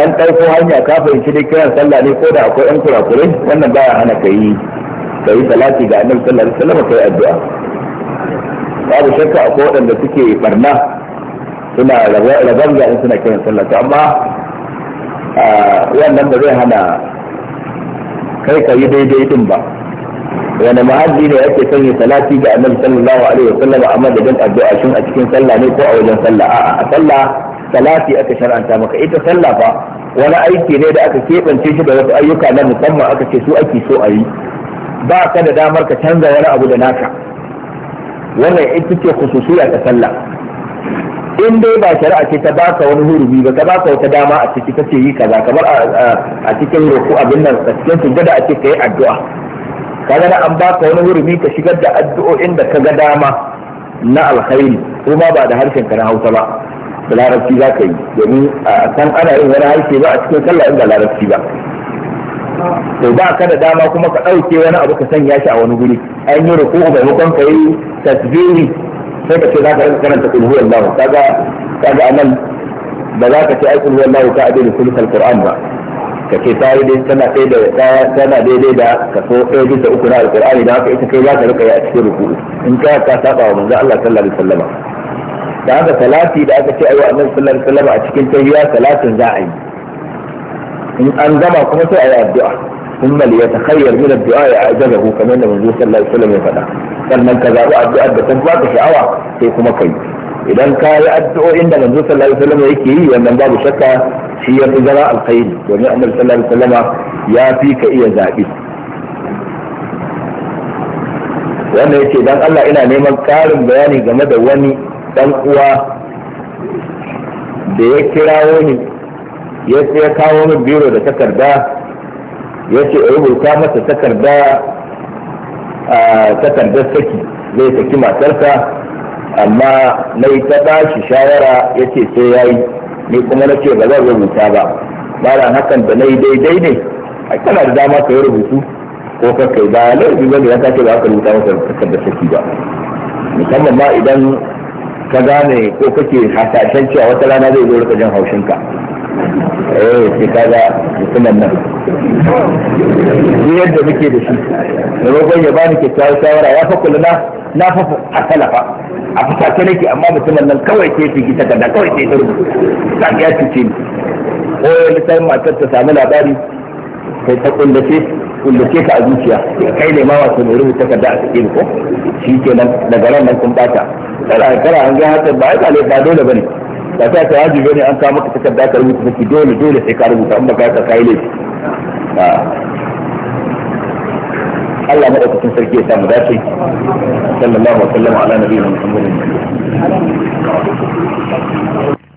an ɗauko hanya ka fahimci dai kiran sallah ne ko da akwai ɗan kurakurai wannan baya hana ka yi ka yi salati ga annabi sallallahu alaihi wasallam ka yi addu'a babu shakka akwai waɗanda suke barna suna rabon in suna kiran sallah to amma wannan ba zai hana kai ka yi daidai din ba wani muhalli ne yake son yi salati ga annabi sallallahu alaihi wa sallam amma da dan addu'a shin a cikin sallah ne ko a wajen sallah a'a a sallah salati aka shar'anta maka ita sallah fa wani aiki ne da aka keɓance shi da wasu ayyuka na musamman aka ce su ake so a yi ba ka da damar ka canza wani abu da naka wannan ita ce khususiya ta sallah in dai ba shari'a ce ta baka wani hurumi ba ta baka wata dama a ciki ta ce yi kaza kamar a cikin roku abin nan a cikin sujjada a ce ka yi addu'a kaga na an baka wani hurumi ka shigar da addu'o'in da ka ga dama na alkhairi ma ba da harshen ka na Hausa ba da larabci za ka yi domin a san ana yin wani harshe ba a cikin sallah in da larabci ba to ba ka da dama kuma ka ɗauke wani abu ka sanya shi a wani guri an yi ruku maimakon ka yi tasbihi sai ka ce za ka rinka karanta kul huwa Allah kaga kaga anan ba za ka ce ai kul huwa Allah ka adil kul Qur'an ba ka ce ta yi dai tana kai da tana daidai da kaso ɗaya bisa uku na alƙur'ani da haka ita kai za ka rika yi a cikin ruku in ka ka saba wa manzo Allah sallallahu alaihi wasallam da haka salati da aka ce ayi wa sallallahu alaihi wasallam a cikin tahiyya salatin za a yi in an gama kuma sai a yi addu'a ثم ليتخير من الدعاء اعجبه كما ان النبي صلى الله عليه وسلم يفعل قال من كذا الدعاء بتنفع بشعوى في كمكي اذا كان يدعو ان النبي صلى الله عليه وسلم يكي ومن باب شكا في الوزراء الخير ونعم صلى الله عليه وسلم يا فيك اي زائد وانا ya اذا don الى ina neman ƙarin bayani game da wani ɗan uwa da ya kirawo ni ya kawo ya ce a rubuta masa takarda takardar saki zai saki matarsa amma mai ta bashi shawara ya ce sai ya yi ni kuma na ce ba zan rubuta ba bara hakan da na yi daidai ne a kana da dama ka yi rubutu ko ka kai ba laifin ba ne ya ba ka rubuta masa takardar saki ba musamman ma idan ka gane ko kake hasashen cewa wata rana zai zo rika jin haushinka eh ke kaga mutumin nan ni yadda muke da shi da rogon ya bani kyakkyawar shawara ya fa kula na na fa a talafa a fusace nake amma mutumin nan kawai ke fi gita gada kawai ke turbi kan ya cuce ni ko ya lissafin matar ta sami labari sai ta kullace kullace ka a zuciya kai ne ma wato mai rubuta takarda a cikin ko shi kenan daga ran nan kun bata kana kana an ga haka ba ai ba dole ba ne. ba ta ta wajibi bane an kawo maka takarda ka rubuta take dole dole sai ka rubuta amma baka ka kai laifi ah. Allah madaukakin sarki ya samu dace sallallahu alaihi wa sallam ala nabiyina muhammadin